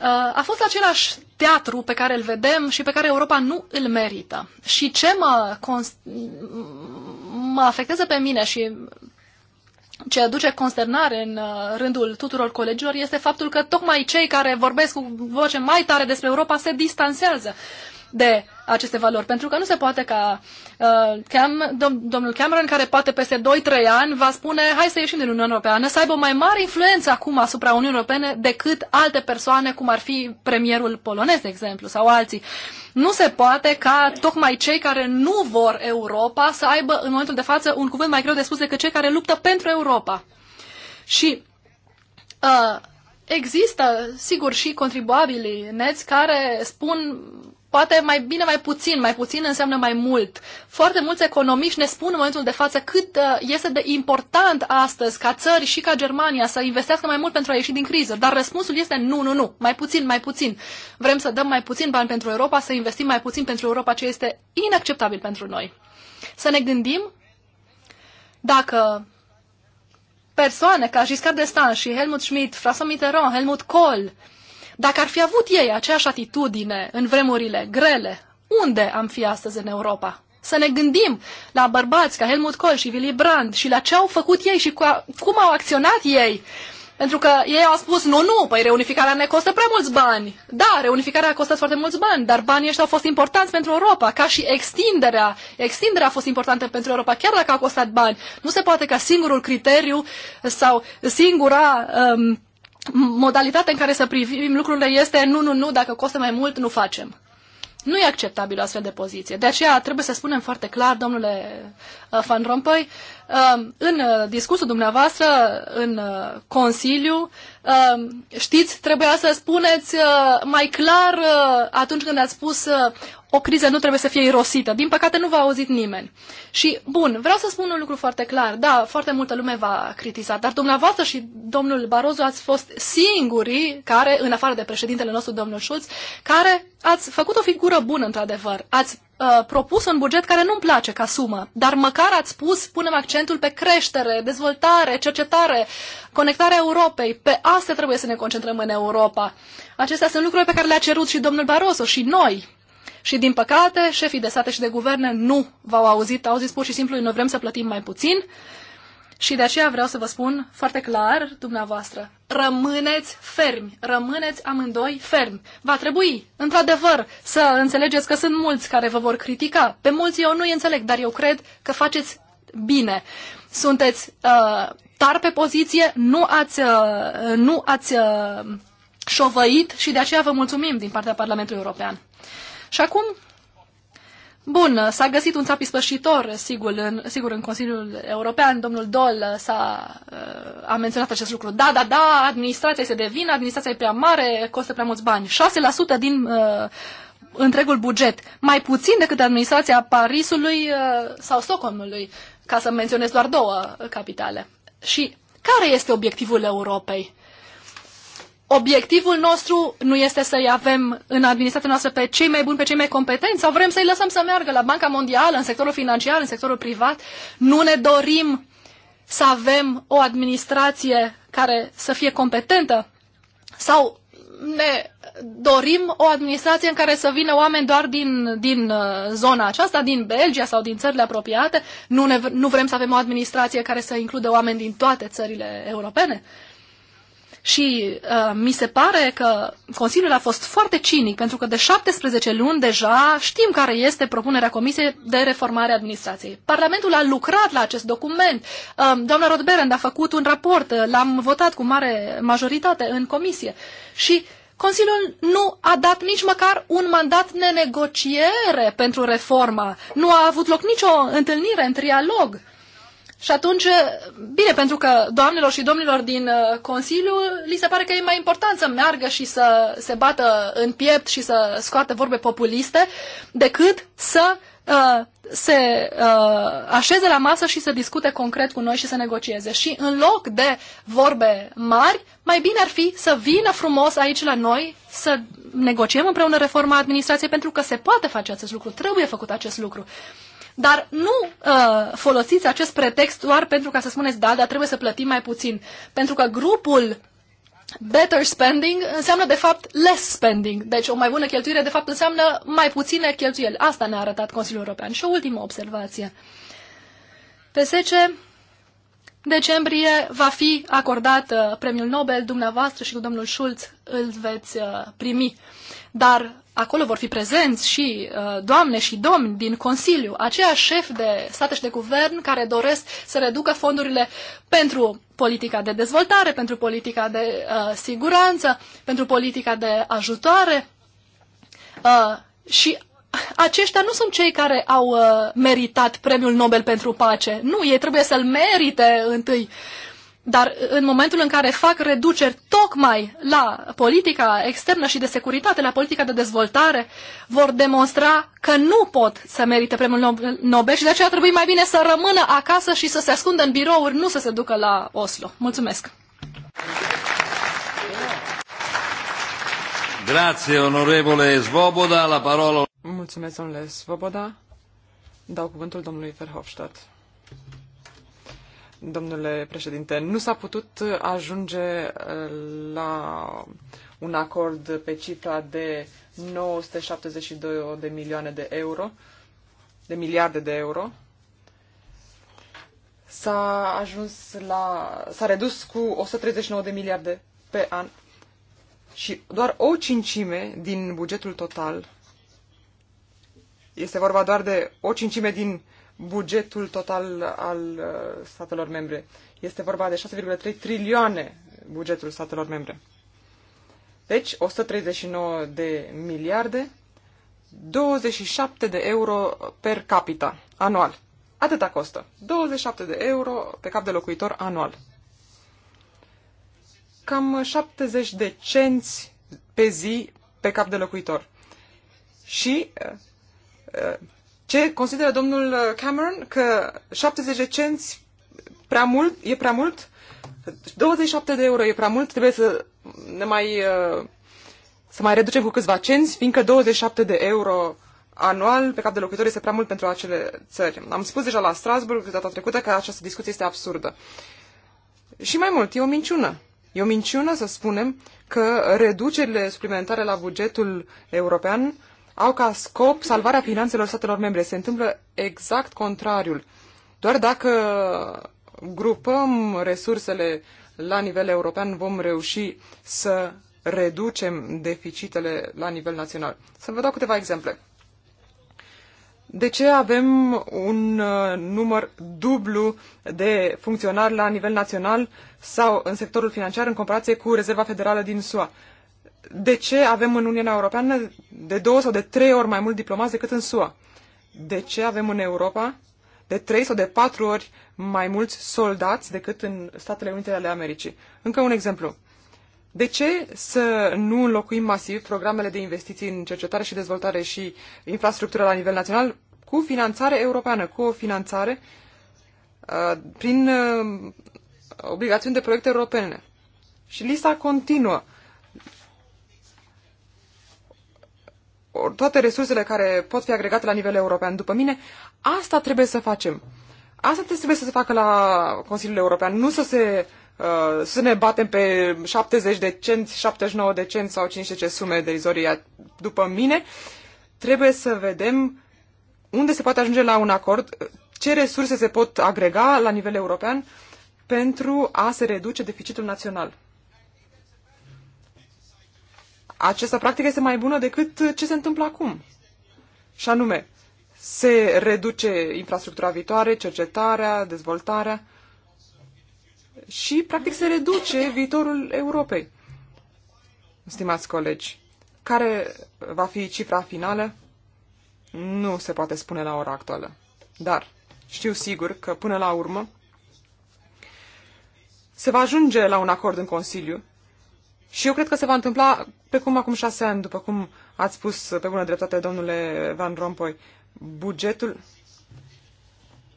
Uh, a fost același teatru pe care îl vedem și pe care Europa nu îl merită. Și ce mă, mă afectează pe mine și ce aduce consternare în uh, rândul tuturor colegilor este faptul că tocmai cei care vorbesc cu voce mai tare despre Europa se distanțează. Uh, de aceste valori. Pentru că nu se poate ca uh, Cam, dom- domnul Cameron, care poate peste 2-3 ani va spune hai să ieșim din Uniunea Europeană, să aibă o mai mare influență acum asupra Uniunii Europene decât alte persoane, cum ar fi premierul polonez, de exemplu, sau alții. Nu se poate ca tocmai cei care nu vor Europa să aibă în momentul de față un cuvânt mai greu de spus decât cei care luptă pentru Europa. Și uh, Există, sigur, și contribuabilii neți care spun poate mai bine, mai puțin, mai puțin înseamnă mai mult. Foarte mulți economiști ne spun în momentul de față cât uh, este de important astăzi ca țări și ca Germania să investească mai mult pentru a ieși din criză. Dar răspunsul este nu, nu, nu, mai puțin, mai puțin. Vrem să dăm mai puțin bani pentru Europa, să investim mai puțin pentru Europa, ce este inacceptabil pentru noi. Să ne gândim dacă persoane ca Giscard d'Estaing și Helmut Schmidt, François Mitterrand, Helmut Kohl, dacă ar fi avut ei aceeași atitudine în vremurile grele, unde am fi astăzi în Europa? Să ne gândim la bărbați ca Helmut Kohl și Willy Brandt și la ce au făcut ei și cum au acționat ei. Pentru că ei au spus, nu, nu, păi reunificarea ne costă prea mulți bani. Da, reunificarea a costat foarte mulți bani, dar banii ăștia au fost importanți pentru Europa, ca și extinderea. Extinderea a fost importantă pentru Europa, chiar dacă a costat bani. Nu se poate ca singurul criteriu sau singura um, modalitatea în care să privim lucrurile este nu, nu, nu, dacă costă mai mult, nu facem. Nu e acceptabil o astfel de poziție. De aceea trebuie să spunem foarte clar, domnule uh, Van Rompuy, Um, în uh, discursul dumneavoastră, în uh, Consiliu, um, știți, trebuia să spuneți uh, mai clar atunci când ați spus o criză nu trebuie să fie irosită. Din păcate nu v-a auzit nimeni. Și, bun, vreau să spun un lucru foarte clar. Da, foarte multă lume va critiza, dar dumneavoastră și domnul Barozu ați fost singurii care, în afară de președintele nostru, domnul Șulț, care ați făcut o figură bună, într-adevăr. Ați Uh, propus un buget care nu-mi place ca sumă, dar măcar ați spus, punem accentul pe creștere, dezvoltare, cercetare, conectarea Europei. Pe asta trebuie să ne concentrăm în Europa. Acestea sunt lucruri pe care le-a cerut și domnul Barroso și noi. Și din păcate, șefii de state și de guverne nu v-au auzit, au zis pur și simplu, noi vrem să plătim mai puțin. Uh, și de aceea vreau să vă spun foarte clar, dumneavoastră, rămâneți fermi, rămâneți amândoi fermi. Va trebui, într-adevăr, să înțelegeți că sunt mulți care vă vor critica. Pe mulți eu nu-i înțeleg, dar eu cred că faceți bine. Sunteți uh, tar pe poziție, nu ați, uh, nu ați uh, șovăit și de aceea vă mulțumim din partea Parlamentului European. Și acum Bun, s-a găsit un țap ispășitor, sigur, în, sigur, în Consiliul European. Domnul Dol uh, s-a, uh, a menționat acest lucru. Da, da, da, administrația se devine, administrația e prea mare, costă prea mulți bani. 6% din uh, întregul buget. Mai puțin decât administrația Parisului uh, sau Stockholmului, ca să menționez doar două uh, capitale. Și care este obiectivul Europei? obiectivul nostru nu este să-i avem în administrația noastră pe cei mai buni, pe cei mai competenți, sau vrem să-i lăsăm să meargă la Banca Mondială, în sectorul financiar, în sectorul privat. Nu ne dorim să avem o administrație care să fie competentă sau ne dorim o administrație în care să vină oameni doar din, din uh, zona aceasta, din Belgia sau din țările apropiate? Nu, ne, nu vrem să avem o administrație care să includă oameni din toate țările europene? Uh, și uh, mi se pare că Consiliul a fost foarte cinic, pentru că de 17 luni deja știm care este propunerea Comisiei de reformare a administrației. Parlamentul a lucrat la acest document. Uh, doamna Rodberend a făcut un raport, uh, l-am votat cu mare majoritate în Comisie. Și Consiliul nu a dat nici măcar un mandat de negociere pentru reforma. Nu a avut loc nicio întâlnire în trialog. Și atunci, bine, pentru că doamnelor și domnilor din uh, Consiliu li se pare că e mai important să meargă și să se bată în piept și să scoată vorbe populiste decât să uh, se uh, așeze la masă și să discute concret cu noi și să negocieze. Și în loc de vorbe mari, mai bine ar fi să vină frumos aici la noi, să negociem împreună reforma administrației, pentru că se poate face acest lucru, trebuie făcut acest lucru. Uh, dar nu uh, folosiți acest pretext doar pentru ca să spuneți da, dar trebuie să plătim mai puțin. Pentru că grupul better spending înseamnă de fapt less spending. Deci o mai bună cheltuire de fapt înseamnă mai puține cheltuieli. Asta ne-a arătat Consiliul European. Și o ultimă observație. Pe 10 decembrie va fi acordat uh, premiul Nobel dumneavoastră și cu domnul Schulz îl veți uh, primi. Dar acolo vor fi prezenți și uh, doamne și domni din Consiliu, aceiași șefi de state și de guvern care doresc să reducă fondurile pentru politica de dezvoltare, pentru politica de uh, siguranță, pentru politica de ajutoare. Uh, și aceștia nu sunt cei care au uh, meritat premiul Nobel pentru pace. Nu, ei trebuie să-l merite întâi. Uh, dar în momentul în care fac reduceri tocmai la politica externă și de securitate, la politica de dezvoltare, vor demonstra că nu pot să merite premiul Nobel și de aceea trebuie mai bine să rămână acasă și să se ascundă în birouri, nu să se ducă la Oslo. Mulțumesc! Grazie, onorevole Svoboda. La parola... Mulțumesc, domnule Svoboda. Dau cuvântul domnului Verhofstadt. Domnule președinte, nu s-a putut ajunge uh, la un acord pe cifra de 972 de milioane de euro, de miliarde de euro. S-a ajuns la. s-a redus cu 139 de miliarde pe an și doar o cincime din bugetul total este vorba doar de o cincime din bugetul total al uh, statelor membre. Este vorba de 6,3 trilioane bugetul statelor membre. Deci, 139 de miliarde, 27 de euro per capita anual. Atâta costă. 27 de euro pe cap de locuitor anual. Cam 70 de cenți pe zi pe cap de locuitor. Și uh, uh, ce consideră domnul uh, Cameron? Că 70 de cenți prea mult, e prea mult? 27 de euro e prea mult? Trebuie să ne mai, uh, să mai reducem cu câțiva cenți, fiindcă 27 de euro anual pe cap de locuitor este prea mult pentru acele țări. Am spus deja la Strasburg data trecută că această discuție este absurdă. Și mai mult, e o minciună. E o minciună să spunem că reducerile suplimentare la bugetul european au ca scop salvarea finanțelor statelor membre. Se întâmplă exact contrariul. Doar dacă grupăm resursele la nivel european, vom reuși să reducem deficitele la nivel național. Să vă dau câteva exemple. De ce avem un uh, număr dublu de funcționari la nivel național sau în sectorul financiar în comparație cu Rezerva Federală din SUA? de ce avem în Uniunea Europeană de două sau de trei ori mai mult diplomați decât în SUA? De ce avem în Europa de trei sau de patru ori mai mulți soldați decât în Statele Unite ale Americii? Încă un exemplu. De ce să nu înlocuim masiv programele de investiții în cercetare și dezvoltare și infrastructură la nivel național cu finanțare europeană, cu o finanțare uh, prin uh, obligațiuni de proiecte europene? Și lista continuă. Uh, toate resursele care pot fi agregate la nivel european. După mine, asta trebuie să facem. Asta trebuie să se facă la Consiliul European, nu să se uh, să ne batem pe 70 de cenți, 79 de cenți sau 50 ce sume de izoria. După mine, trebuie să vedem unde se poate ajunge la un acord, ce resurse se pot agrega la nivel european pentru a se reduce deficitul național această practică este mai bună decât ce se întâmplă acum. Și anume, se reduce infrastructura viitoare, cercetarea, dezvoltarea și, practic, se reduce viitorul Europei. Stimați colegi, care va fi cifra finală? Nu se poate spune la ora actuală. Dar știu sigur că, până la urmă, se va ajunge la un acord în Consiliu și eu cred că se va întâmpla precum acum șase ani, după cum ați spus pe bună dreptate, domnule Van Rompuy. Bugetul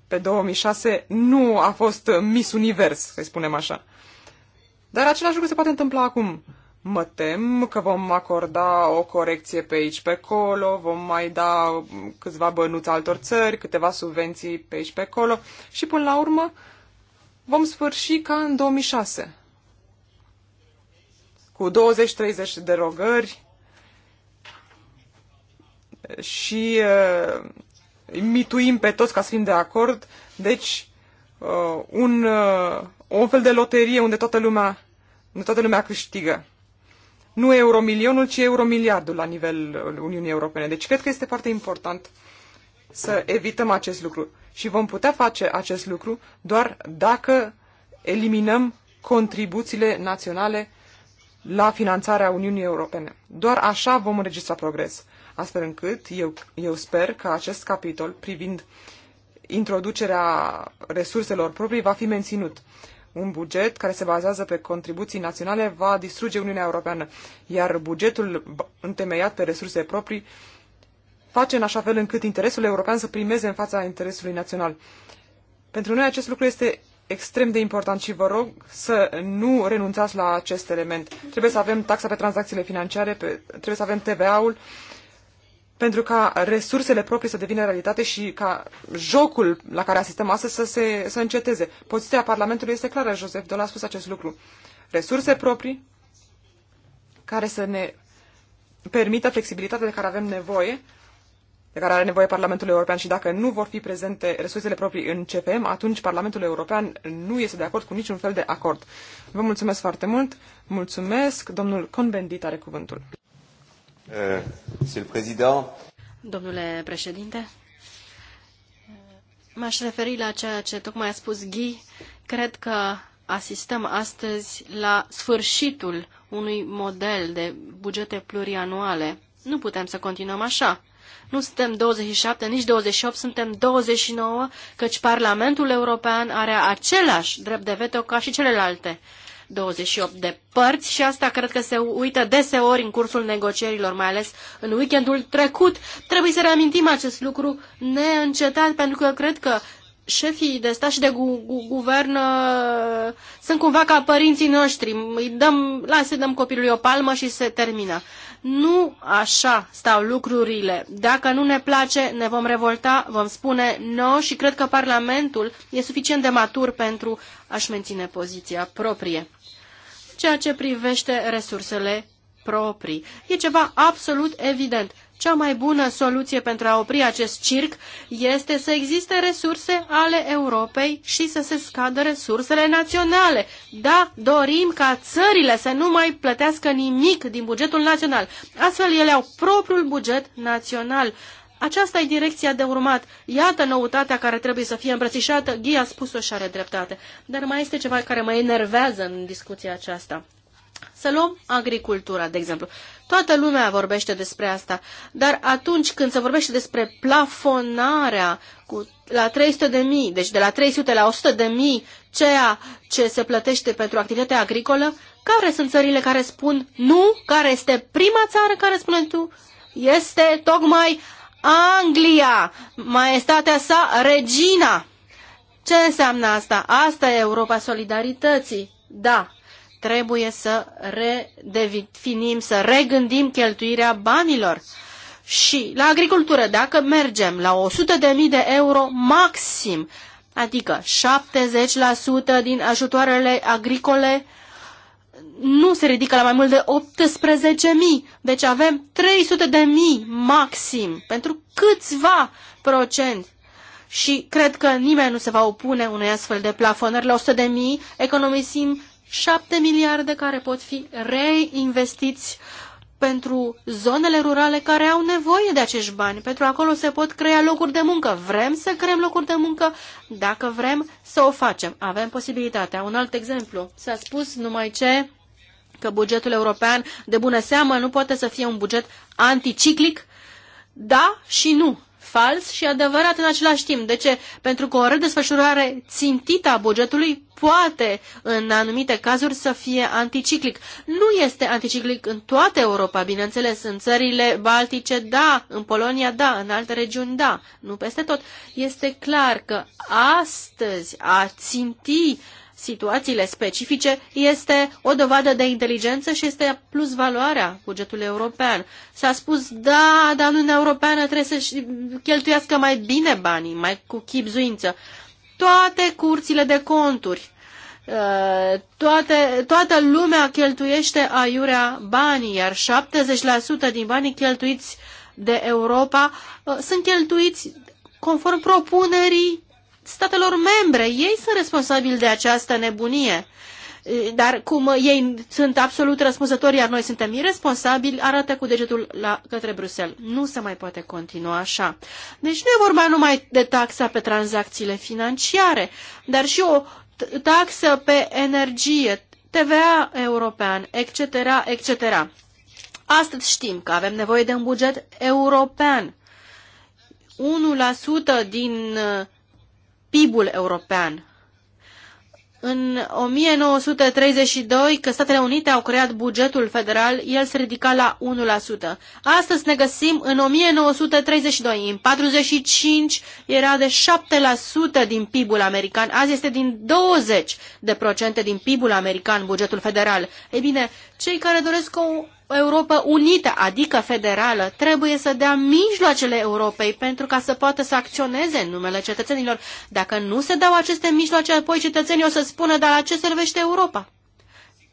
pe 2006 nu a fost Miss Univers, să spunem așa. Dar același lucru se poate întâmpla acum. Mă tem că vom acorda o corecție pe aici, pe acolo, vom mai da câțiva bănuți altor țări, câteva subvenții pe aici, pe acolo și până la urmă vom sfârși ca în 2006 cu 20-30 de rogări și uh, mituim pe toți ca să fim de acord. Deci, uh, un, uh, un fel de loterie unde toată lumea, unde toată lumea câștigă. Nu euromilionul, ci euromiliardul la nivel Uniunii Europene. Deci, cred că este foarte important să evităm acest lucru. Și vom putea face acest lucru doar dacă eliminăm contribuțiile naționale la finanțarea Uniunii Europene. Doar așa vom înregistra progres, astfel încât eu, eu sper că acest capitol privind introducerea resurselor proprii va fi menținut. Un buget care se bazează pe contribuții naționale va distruge Uniunea Europeană, iar bugetul întemeiat pe resurse proprii face în așa fel încât interesul european să primeze în fața interesului național. Pentru noi acest lucru este extrem de important și vă rog să nu renunțați la acest element. Trebuie să avem taxa pe tranzacțiile financiare, pe, trebuie să avem TVA-ul, pentru ca resursele proprii să devină realitate și ca jocul la care asistăm astăzi să, se, să înceteze. Poziția Parlamentului este clară, Joseph Dola a spus acest lucru. Resurse proprii care să ne permită flexibilitatea de care avem nevoie de care are nevoie Parlamentul European și dacă nu vor fi prezente resursele proprii în CPM, atunci Parlamentul European nu este de acord cu niciun fel de acord. Vă mulțumesc foarte mult. Mulțumesc. Domnul Conbendit are cuvântul. Domnule președinte, m-aș referi la ceea ce tocmai a spus Ghi. Cred că asistăm astăzi la sfârșitul unui model de bugete plurianuale. Nu putem să continuăm așa. Nu suntem 27, nici 28, suntem 29, căci Parlamentul European are același drept de veto ca și celelalte 28 de părți și asta cred că se uită deseori în cursul negocierilor, mai ales în weekendul trecut. Trebuie să reamintim acest lucru neîncetat, pentru că cred că șefii de stat și de gu gu guvern uh, sunt cumva ca părinții noștri. Îi dăm, lasă, dăm copilului o palmă și se termină. Nu așa stau lucrurile. Dacă nu ne place, ne vom revolta, vom spune no și cred că Parlamentul e suficient de matur pentru a-și menține poziția proprie. Ceea ce privește resursele proprii. E ceva absolut evident. Cea mai bună soluție pentru a opri acest circ este să existe resurse ale Europei și să se scadă resursele naționale. Da, dorim ca țările să nu mai plătească nimic din bugetul național. Astfel, ele au propriul buget național. Aceasta e direcția de urmat. Iată noutatea care trebuie să fie îmbrățișată. Ghia a spus-o și are dreptate. Dar mai este ceva care mă enervează în discuția aceasta. Să luăm agricultura, de exemplu. Toată lumea vorbește despre asta, dar atunci când se vorbește despre plafonarea cu, la 300 de mii, deci de la 300 la 100 de mii, ceea ce se plătește pentru activitatea agricolă, care sunt țările care spun nu? Care este prima țară care spune tu? Este tocmai Anglia, maestatea sa, regina. Ce înseamnă asta? Asta e Europa solidarității. Da, trebuie să redefinim, să regândim cheltuirea banilor. Și la agricultură, dacă mergem la 100.000 de euro maxim, adică 70% din ajutoarele agricole nu se ridică la mai mult de 18.000. Deci avem 300.000 maxim pentru câțiva procent. Și cred că nimeni nu se va opune unei astfel de plafonări. La 100.000 economisim 7 miliarde care pot fi reinvestiți pentru zonele rurale care au nevoie de acești bani, pentru acolo se pot crea locuri de muncă. Vrem să creăm locuri de muncă? Dacă vrem, să o facem. Avem posibilitatea. Un alt exemplu. S-a spus numai ce că bugetul european, de bună seamă, nu poate să fie un buget anticiclic? Da și nu fals și adevărat în același timp. De ce? Pentru că o redesfășurare țintită a bugetului poate, în anumite cazuri, să fie anticiclic. Nu este anticiclic în toată Europa, bineînțeles, în țările baltice, da, în Polonia, da, în alte regiuni, da, nu peste tot. Este clar că astăzi a țintit situațiile specifice este o dovadă de inteligență și este plus valoarea bugetului european. S-a spus, da, dar Uniunea Europeană trebuie să cheltuiască mai bine banii, mai cu chipzuință. Toate curțile de conturi, uh, toate, toată lumea cheltuiește aiurea banii, iar 70% din banii cheltuiți de Europa uh, sunt cheltuiți conform propunerii statelor membre. Ei sunt responsabili de această nebunie. Dar cum ei sunt absolut răspunzători, iar noi suntem irresponsabili, arată cu degetul la, către Bruxelles. Nu se mai poate continua așa. Deci nu e vorba numai de taxa pe tranzacțiile financiare, dar și o taxă pe energie, TVA european, etc., etc. Astăzi știm că avem nevoie de un buget european. 1% din uh, PIB-ul european. În 1932, când Statele Unite au creat bugetul federal, el se ridica la 1%. Astăzi ne găsim în 1932. În 45 era de 7% din PIB-ul american. Azi este din 20% de procente din PIB-ul american bugetul federal. Ei bine, cei care doresc o Europa unită, adică federală, trebuie să dea mijloacele Europei pentru ca să poată să acționeze în numele cetățenilor. Dacă nu se dau aceste mijloace, apoi cetățenii o să spună, dar la ce servește Europa?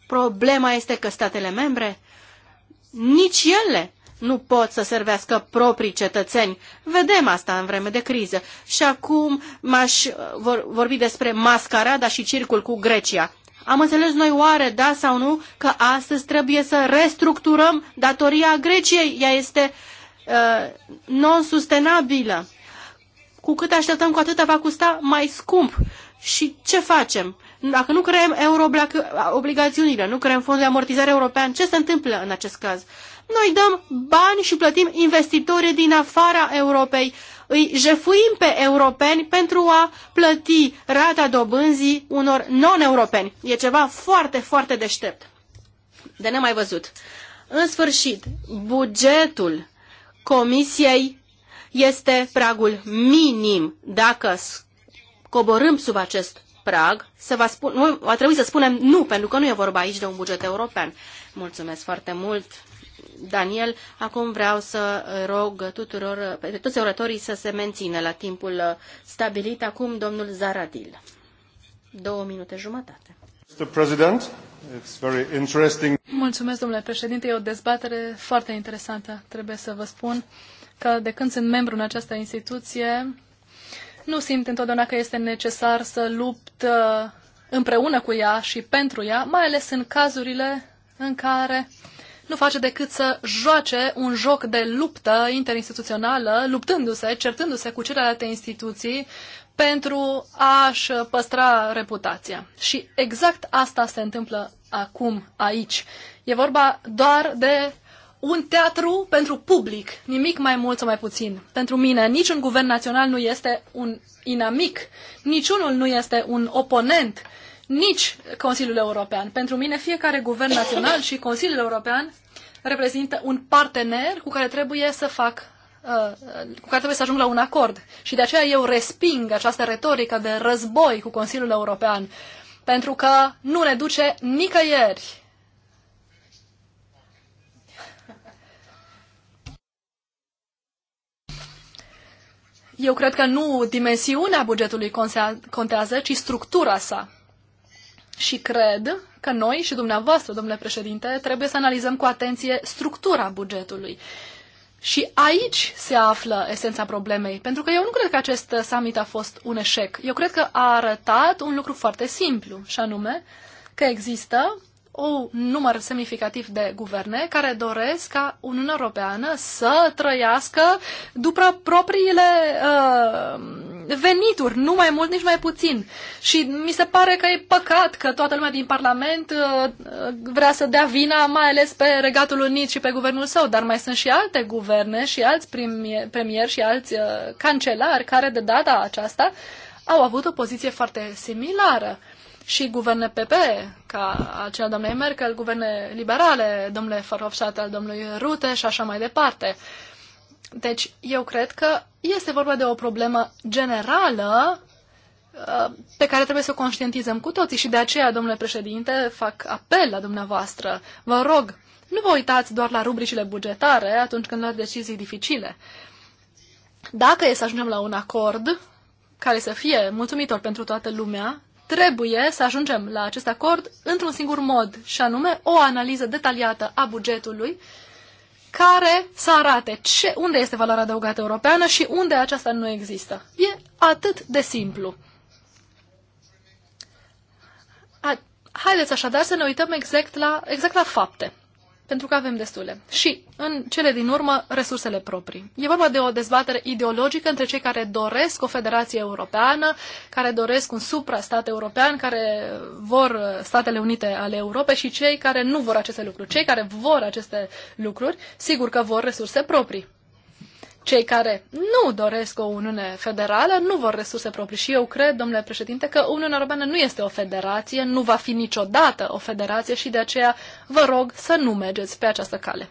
Problema este că statele membre, nici ele nu pot să servească proprii cetățeni. Vedem asta în vreme de criză. Și acum m-aș vor, vorbi despre mascarada și circul cu Grecia. Am înțeles noi oare, da sau nu, că astăzi trebuie să restructurăm datoria Greciei. Ea este uh, non-sustenabilă. Cu cât așteptăm, cu atât va costa mai scump. Și ce facem? Dacă nu creăm euroobligațiunile, nu creăm fondul de amortizare european, ce se întâmplă în acest caz? Noi dăm bani și plătim investitorii din afara Europei uh, îi jefuim pe europeni pentru a plăti rata dobânzii unor non-europeni. E ceva foarte, foarte deștept. De nemai văzut. În sfârșit, bugetul Comisiei este pragul minim. Dacă coborâm sub acest prag, se va, spun, va trebui să spunem nu, pentru că nu e vorba aici de un buget european. Mulțumesc foarte mult! Daniel. Acum vreau să rog tuturor, pe toți oratorii să se mențină la timpul stabilit. Acum domnul Zaradil. Două minute jumătate. Mr. President, it's very interesting. Mulțumesc, domnule președinte. E o dezbatere foarte interesantă, trebuie să vă spun că de când sunt membru în această instituție, nu simt întotdeauna că este necesar să lupt uh, împreună cu ea și pentru ea, mai ales în cazurile în care nu face decât să joace un joc de luptă interinstituțională, luptându-se, certându-se cu celelalte instituții pentru a-și păstra reputația. Și exact asta se întâmplă acum, aici. E vorba doar de un teatru pentru public, nimic mai mult sau mai puțin. Pentru mine, niciun guvern național nu este un inamic, niciunul nu este un oponent, uh, nici Consiliul European. Pentru mine, fiecare guvern național și Consiliul European reprezintă un partener cu care trebuie să fac uh, cu care trebuie să ajung la un acord. Și de aceea eu resping această retorică de război cu Consiliul European, pentru că nu ne duce nicăieri. Eu cred că nu dimensiunea bugetului contează, ci structura sa și cred că noi și dumneavoastră, domnule președinte, trebuie să analizăm cu atenție structura bugetului. Și aici se află esența problemei, pentru că eu nu cred că acest summit a fost un eșec. Eu cred că a arătat un lucru foarte simplu, și anume că există un număr semnificativ de guverne care doresc ca Uniunea Europeană să trăiască după propriile uh, venituri, nu mai mult, nici mai puțin. Și mi se pare că e păcat că toată lumea din Parlament uh, uh, vrea să dea vina, mai ales pe Regatul Unit și pe guvernul său, dar mai sunt și alte guverne și alți premieri și alți uh, cancelari care de data aceasta au avut o poziție foarte similară și guverne PP, ca acela doamnei Merkel, guverne liberale, domnule Farhofstadt al domnului Rute și așa mai departe. Uh, deci, eu cred că este vorba de o problemă generală uh, pe care trebuie să o conștientizăm cu toții și de aceea, domnule președinte, fac apel la dumneavoastră. Vă rog, nu vă uitați doar la rubricile bugetare atunci când luați decizii dificile. Dacă e să ajungem la un acord care să fie mulțumitor pentru toată lumea, trebuie să ajungem la acest acord într-un singur mod, și anume o analiză detaliată a bugetului care să arate ce, unde este valoarea adăugată europeană și unde aceasta nu există. E atât de simplu. haideți așadar să ne uităm exact la, exact la fapte pentru că avem destule. Și, în cele din urmă, resursele proprii. E vorba de o dezbatere ideologică între cei care doresc o federație europeană, care doresc un supra-stat european, care vor Statele Unite ale Europei și cei care nu vor aceste lucruri. Cei care vor aceste lucruri, sigur că vor resurse proprii cei care nu doresc o Uniune federală nu vor resurse proprii. Și eu cred, domnule președinte, că Uniunea Europeană nu este o federație, nu va fi niciodată o federație și de aceea vă rog să nu mergeți pe această cale.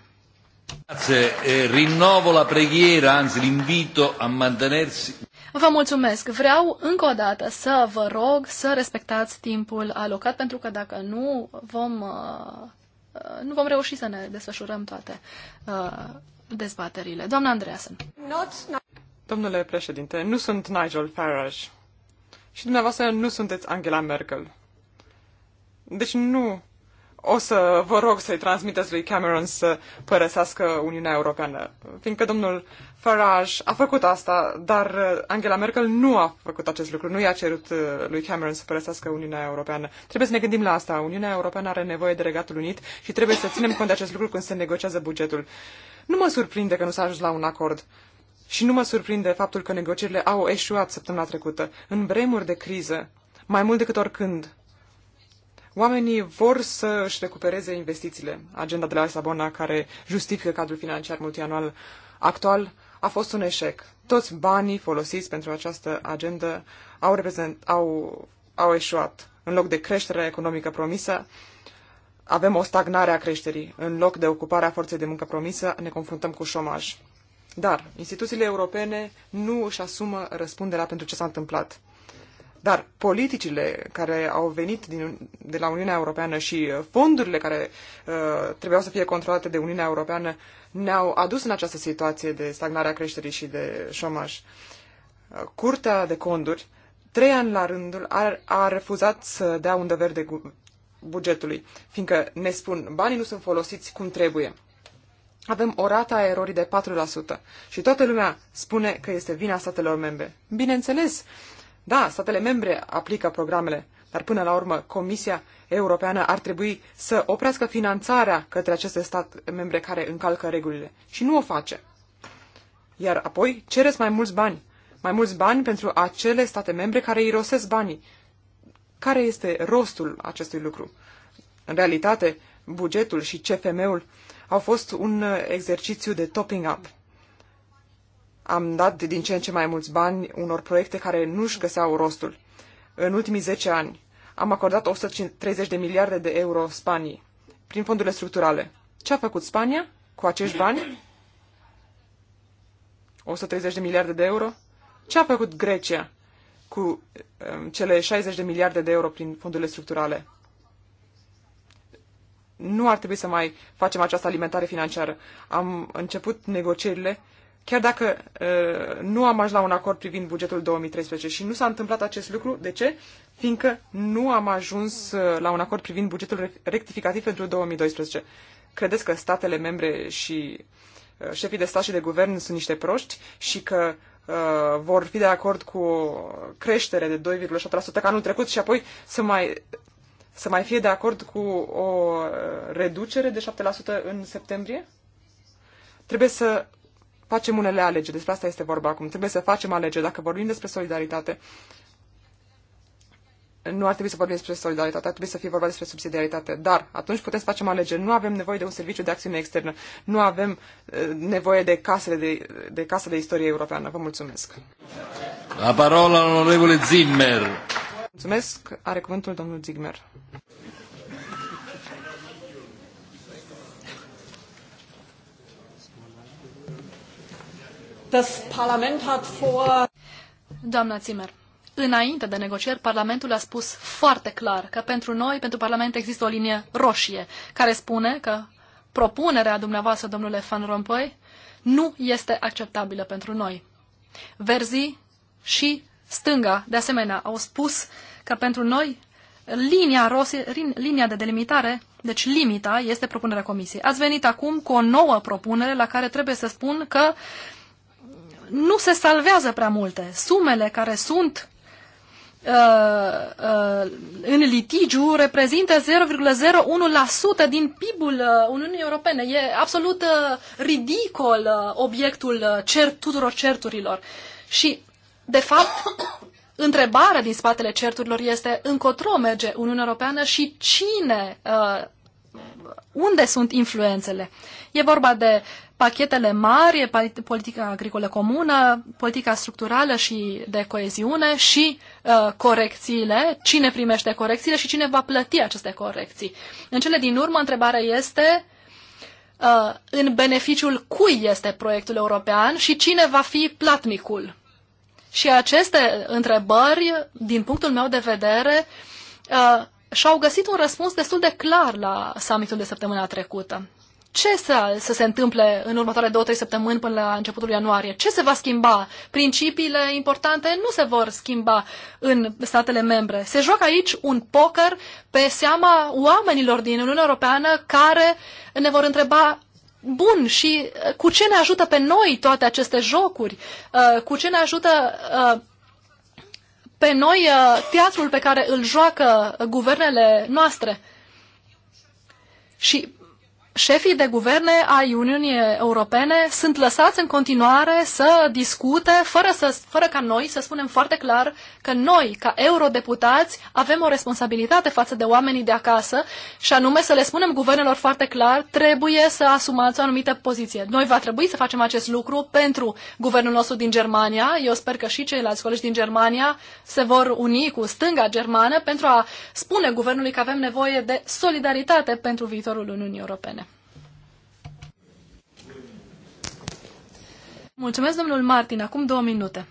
Rinnovo la preghiera, anzi l'invito a mantenersi. Vă mulțumesc. Vreau încă o dată să vă rog să respectați timpul alocat, pentru că dacă nu vom, uh, uh, nu vom reuși să ne desfășurăm toate uh, dezbaterile. Doamna Andreasen. Domnule președinte, nu sunt Nigel Farage. Și dumneavoastră nu sunteți Angela Merkel. Deci nu o să vă rog să-i transmiteți lui Cameron să părăsească Uniunea Europeană, fiindcă domnul Farage a făcut asta, dar uh, Angela Merkel nu a făcut acest lucru, nu i-a cerut uh, lui Cameron să părăsească Uniunea Europeană. Trebuie să ne gândim la asta. Uniunea Europeană are nevoie de Regatul Unit și trebuie să ținem cont de acest lucru când se negociază bugetul. Nu mă surprinde că nu s-a ajuns la un acord. Și nu mă surprinde faptul că negocierile au eșuat săptămâna trecută, în vremuri de criză, mai mult decât oricând Oamenii vor să își recupereze investițiile. Agenda de la Lisabona, care justifică cadrul financiar multianual actual, a fost un eșec. Toți banii folosiți pentru această agendă au, reprezent, au, au eșuat. În loc de creșterea economică promisă, avem o stagnare a creșterii. În loc de ocuparea forței de muncă promisă, ne confruntăm cu șomaj. Dar instituțiile europene nu își asumă răspunderea pentru ce s-a întâmplat. Dar politicile care au venit din, de la Uniunea Europeană și uh, fondurile care uh, trebuiau să fie controlate de Uniunea Europeană ne-au adus în această situație de stagnare a creșterii și de șomaj. Uh, Curtea de Conduri, trei ani la rândul, a, a refuzat să dea un dăver de bugetului, fiindcă ne spun banii nu sunt folosiți cum trebuie. Avem o rată a erorii de 4% și toată lumea spune că este vina statelor membre. Bineînțeles, da, statele membre aplică programele, dar până la urmă Comisia Europeană ar trebui să oprească finanțarea către aceste state membre care încalcă regulile. Și nu o face. Iar apoi cereți mai mulți bani. Mai mulți bani pentru acele state membre care irosesc banii. Care este rostul acestui lucru? În realitate, bugetul și CFM-ul au fost un uh, exercițiu de topping up am dat din ce în ce mai mulți bani unor proiecte care nu-și găseau rostul. În ultimii 10 ani am acordat 130 de miliarde de euro Spaniei prin fondurile structurale. Ce a făcut Spania cu acești bani? 130 de miliarde de euro? Ce a făcut Grecia cu um, cele 60 de miliarde de euro prin fondurile structurale? Nu ar trebui să mai facem această alimentare financiară. Am început negocierile Chiar dacă uh, nu am ajuns la un acord privind bugetul 2013 și nu s-a întâmplat acest lucru, de ce? Fiindcă nu am ajuns uh, la un acord privind bugetul rectificativ pentru 2012. Credeți că statele membre și uh, șefii de stat și de guvern sunt niște proști și că uh, vor fi de acord cu o creștere de 2,7% ca anul trecut și apoi să mai, să mai fie de acord cu o reducere de 7% în septembrie? Trebuie să facem unele alegeri. Despre asta este vorba acum. Trebuie să facem alegeri. Dacă vorbim despre solidaritate, nu ar trebui să vorbim despre solidaritate, ar trebui să fie vorba despre subsidiaritate. Dar atunci putem să facem alegeri. Nu avem nevoie de un serviciu de acțiune externă. Nu avem eh, nevoie de casele de, de, casă de istorie europeană. Vă mulțumesc. La parola onorevole Zimmer. Mulțumesc. Are cuvântul domnul Zimmer. Das Parlament hat vor... Doamna Zimmer, înainte de negocieri, Parlamentul a spus foarte clar că pentru noi, pentru Parlament, există o linie roșie care spune că propunerea dumneavoastră, domnule Van Rompuy, nu este acceptabilă pentru noi. Verzii și stânga, de asemenea, au spus că pentru noi linia, rosie, linia de delimitare, deci limita, este propunerea Comisiei. Ați venit acum cu o nouă propunere la care trebuie să spun că nu se salvează prea multe. Sumele care sunt uh, uh, în litigiu reprezintă 0,01% din PIB-ul uh, Uniunii Europene. E absolut ridicol obiectul cer, tuturor certurilor. Și, de fapt, (coughs) întrebarea din spatele certurilor este încotro merge Uniunea Europeană și cine, unde sunt influențele. E vorba de pachetele mari, politica agricolă comună, politica structurală și de coeziune și uh, corecțiile, cine primește corecțiile și cine va plăti aceste corecții. În cele din urmă, întrebarea este uh, în beneficiul cui este proiectul european și cine va fi platnicul. Și aceste întrebări, din punctul meu de vedere, uh, și-au găsit un răspuns destul de clar la summitul de săptămâna trecută ce să, să se întâmple în următoarele două, trei săptămâni până la începutul ianuarie? Ce se va schimba? Principiile importante nu se vor schimba în statele membre. Se joacă aici un poker pe seama oamenilor din Uniunea Europeană care ne vor întreba Bun, și uh, cu ce ne ajută pe noi toate aceste jocuri? Uh, cu ce ne ajută uh, pe noi teatrul pe care îl joacă guvernele noastre? Și șefii de guverne ai Uniunii Europene sunt lăsați în continuare să discute fără, să, fără ca noi să spunem foarte clar că noi, ca eurodeputați, avem o responsabilitate față de oamenii de acasă și anume să le spunem guvernelor foarte clar trebuie să asumați o anumită poziție. Noi va trebui să facem acest lucru pentru guvernul nostru din Germania. Eu sper că și ceilalți colegi din Germania se vor uni cu stânga germană pentru a spune guvernului că avem nevoie de solidaritate pentru viitorul Uniunii Europene. Mulțumesc, domnul Martin. Acum două minute.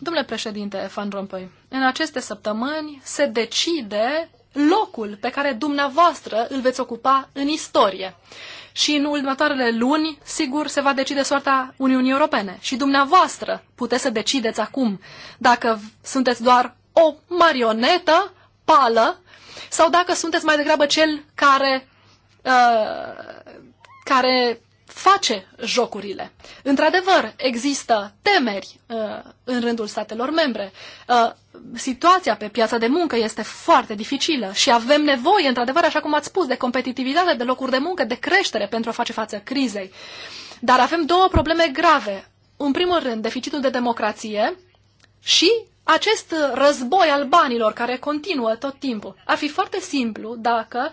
Domnule președinte Van Rompuy, în aceste săptămâni se decide locul pe care dumneavoastră îl veți ocupa în istorie. Și în următoarele luni, sigur, se va decide soarta Uniunii Europene. Și dumneavoastră puteți să decideți acum dacă sunteți doar o marionetă, pală, sau dacă sunteți mai degrabă cel care, uh, care face jocurile. Într-adevăr, există temeri uh, în rândul statelor membre. Uh, situația pe piața de muncă este foarte dificilă și avem nevoie, într-adevăr, așa cum ați spus, de competitivitate, de locuri de muncă, de creștere pentru a face față crizei. Dar avem două probleme grave. În primul rând, deficitul de democrație și acest război al banilor care continuă tot timpul. Ar fi foarte simplu dacă uh,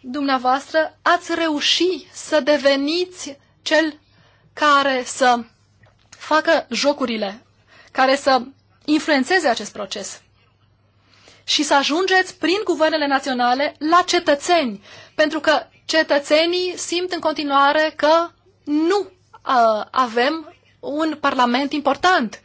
dumneavoastră ați reușit să deveniți cel care să facă jocurile, care să influențeze acest proces și să ajungeți prin guvernele naționale la cetățeni, pentru că cetățenii simt în continuare că nu uh, avem un parlament important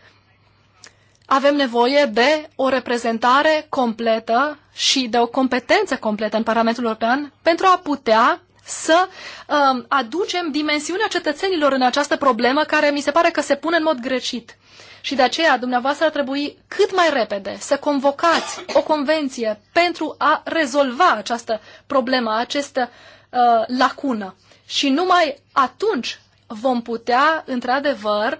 avem nevoie de o reprezentare completă și de o competență completă în Parlamentul European pentru a putea să um, aducem dimensiunea cetățenilor în această problemă care mi se pare că se pune în mod greșit. Și de aceea dumneavoastră ar trebui cât mai repede să convocați o convenție pentru a rezolva această problemă, această uh, lacună. Și numai atunci vom putea, într-adevăr,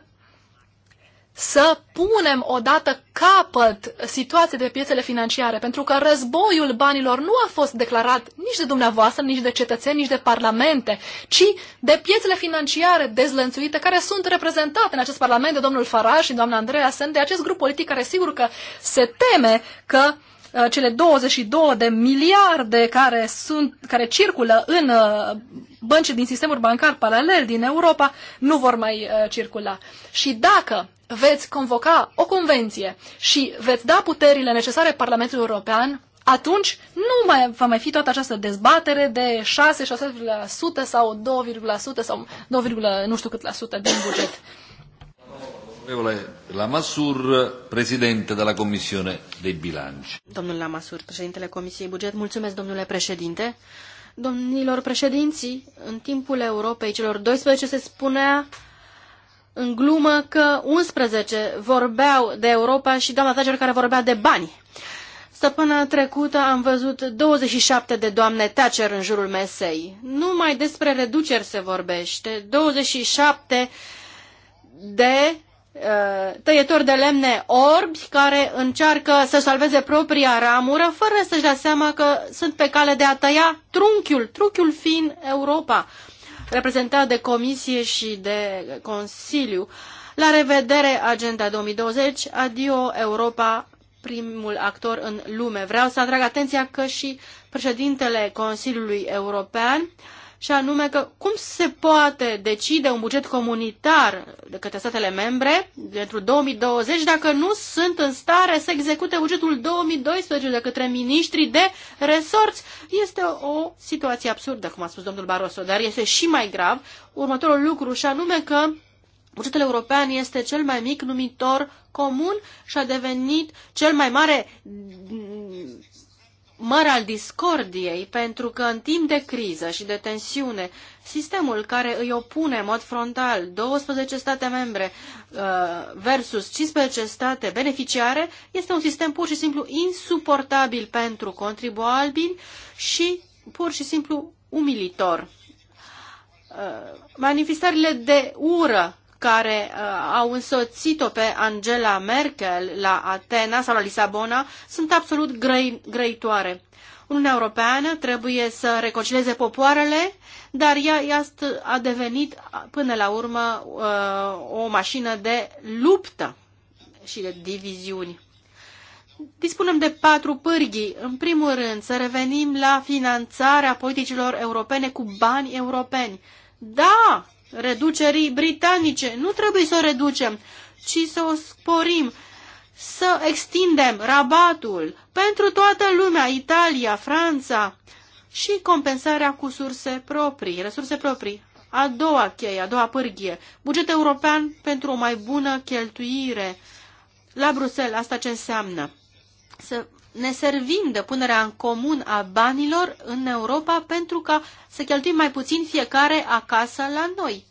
să punem odată capăt situației de piețele financiare, pentru că războiul banilor nu a fost declarat nici de dumneavoastră, nici de cetățeni, nici de parlamente, ci de piețele financiare dezlănțuite care sunt reprezentate în acest parlament de domnul Faraj și doamna Andreea sunt de acest grup politic care sigur că se teme că uh, cele 22 de miliarde care, sunt, care circulă în uh, bănci din sistemul bancar paralel din Europa nu vor mai uh, circula. Și dacă veți convoca o convenție și veți da puterile necesare Parlamentului European, atunci nu mai va mai fi toată această dezbatere de 6, 6% sau 2% sau 2, nu știu cât la sută din buget. Onorevole Lamasur, președinte de la Comisiune de Bilanci. Domnul Lamasur, președintele Comisiei Buget, mulțumesc, domnule președinte. Domnilor președinții, în timpul Europei celor 12 se spunea în glumă că 11 vorbeau de Europa și doamna Thatcher care vorbea de bani. Săptămâna trecută am văzut 27 de doamne Thatcher în jurul mesei. Numai despre reduceri se vorbește. 27 de uh, tăietori de lemne orbi care încearcă să salveze propria ramură fără să-și dea seama că sunt pe cale de a tăia trunchiul, trunchiul fiind Europa reprezentat de Comisie și de Consiliu. La revedere, Agenda 2020, adio Europa, primul actor în lume. Vreau să atrag atenția că și președintele Consiliului European uh, și anume că cum se poate decide un buget comunitar de către statele membre pentru 2020 dacă nu sunt în stare să execute bugetul 2012 de către miniștrii de resorți. Este o situație absurdă, cum a spus domnul Barroso, dar este și mai grav următorul lucru și anume că Bugetul european este cel mai mic numitor comun și a devenit cel mai mare măr al discordiei, pentru că în timp de criză și de tensiune, sistemul care îi opune în mod frontal 12 state membre uh, versus 15 state beneficiare este un sistem pur și simplu insuportabil pentru contribuabili și pur și simplu umilitor uh, manifestările de ură care uh, au însoțit-o pe Angela Merkel la Atena sau la Lisabona sunt absolut grăi, grăitoare. Uniunea Europeană trebuie să reconcileze popoarele, dar ea a devenit până la urmă uh, o mașină de luptă și de diviziuni. Dispunem de patru pârghii. În primul rând, să revenim la finanțarea politicilor europene cu bani europeni. Da, reducerii britanice. Nu trebuie să o reducem, ci să o sporim, să extindem rabatul pentru toată lumea, Italia, Franța și compensarea cu surse proprii, resurse proprii. A doua cheie, a doua pârghie, buget european pentru o mai bună cheltuire. La Bruxelles, asta ce înseamnă? Să ne servim de punerea în comun a banilor în Europa pentru ca să cheltuim mai puțin fiecare acasă la noi.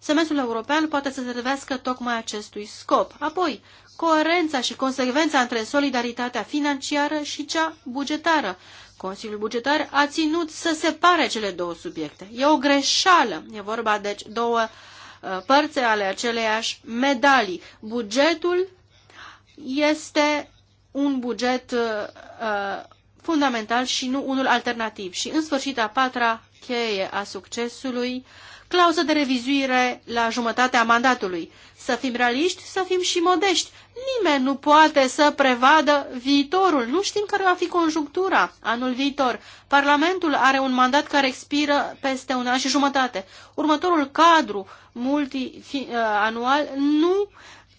Semestrul european poate să servească tocmai acestui scop. Apoi, coerența și consecvența între solidaritatea financiară și cea bugetară. Consiliul Bugetar a ținut să separe cele două subiecte. E o greșeală. E vorba, deci, două uh, părți ale aceleiași medalii. Bugetul este un buget uh, uh, fundamental și nu unul alternativ. Și în sfârșit a patra cheie a succesului, clauză de revizuire la jumătatea mandatului. Să fim realiști, să fim și modești. Nimeni nu poate să prevadă viitorul. Nu știm care va fi conjunctura anul viitor. Parlamentul are un mandat care expiră peste un an și jumătate. Următorul cadru multianual nu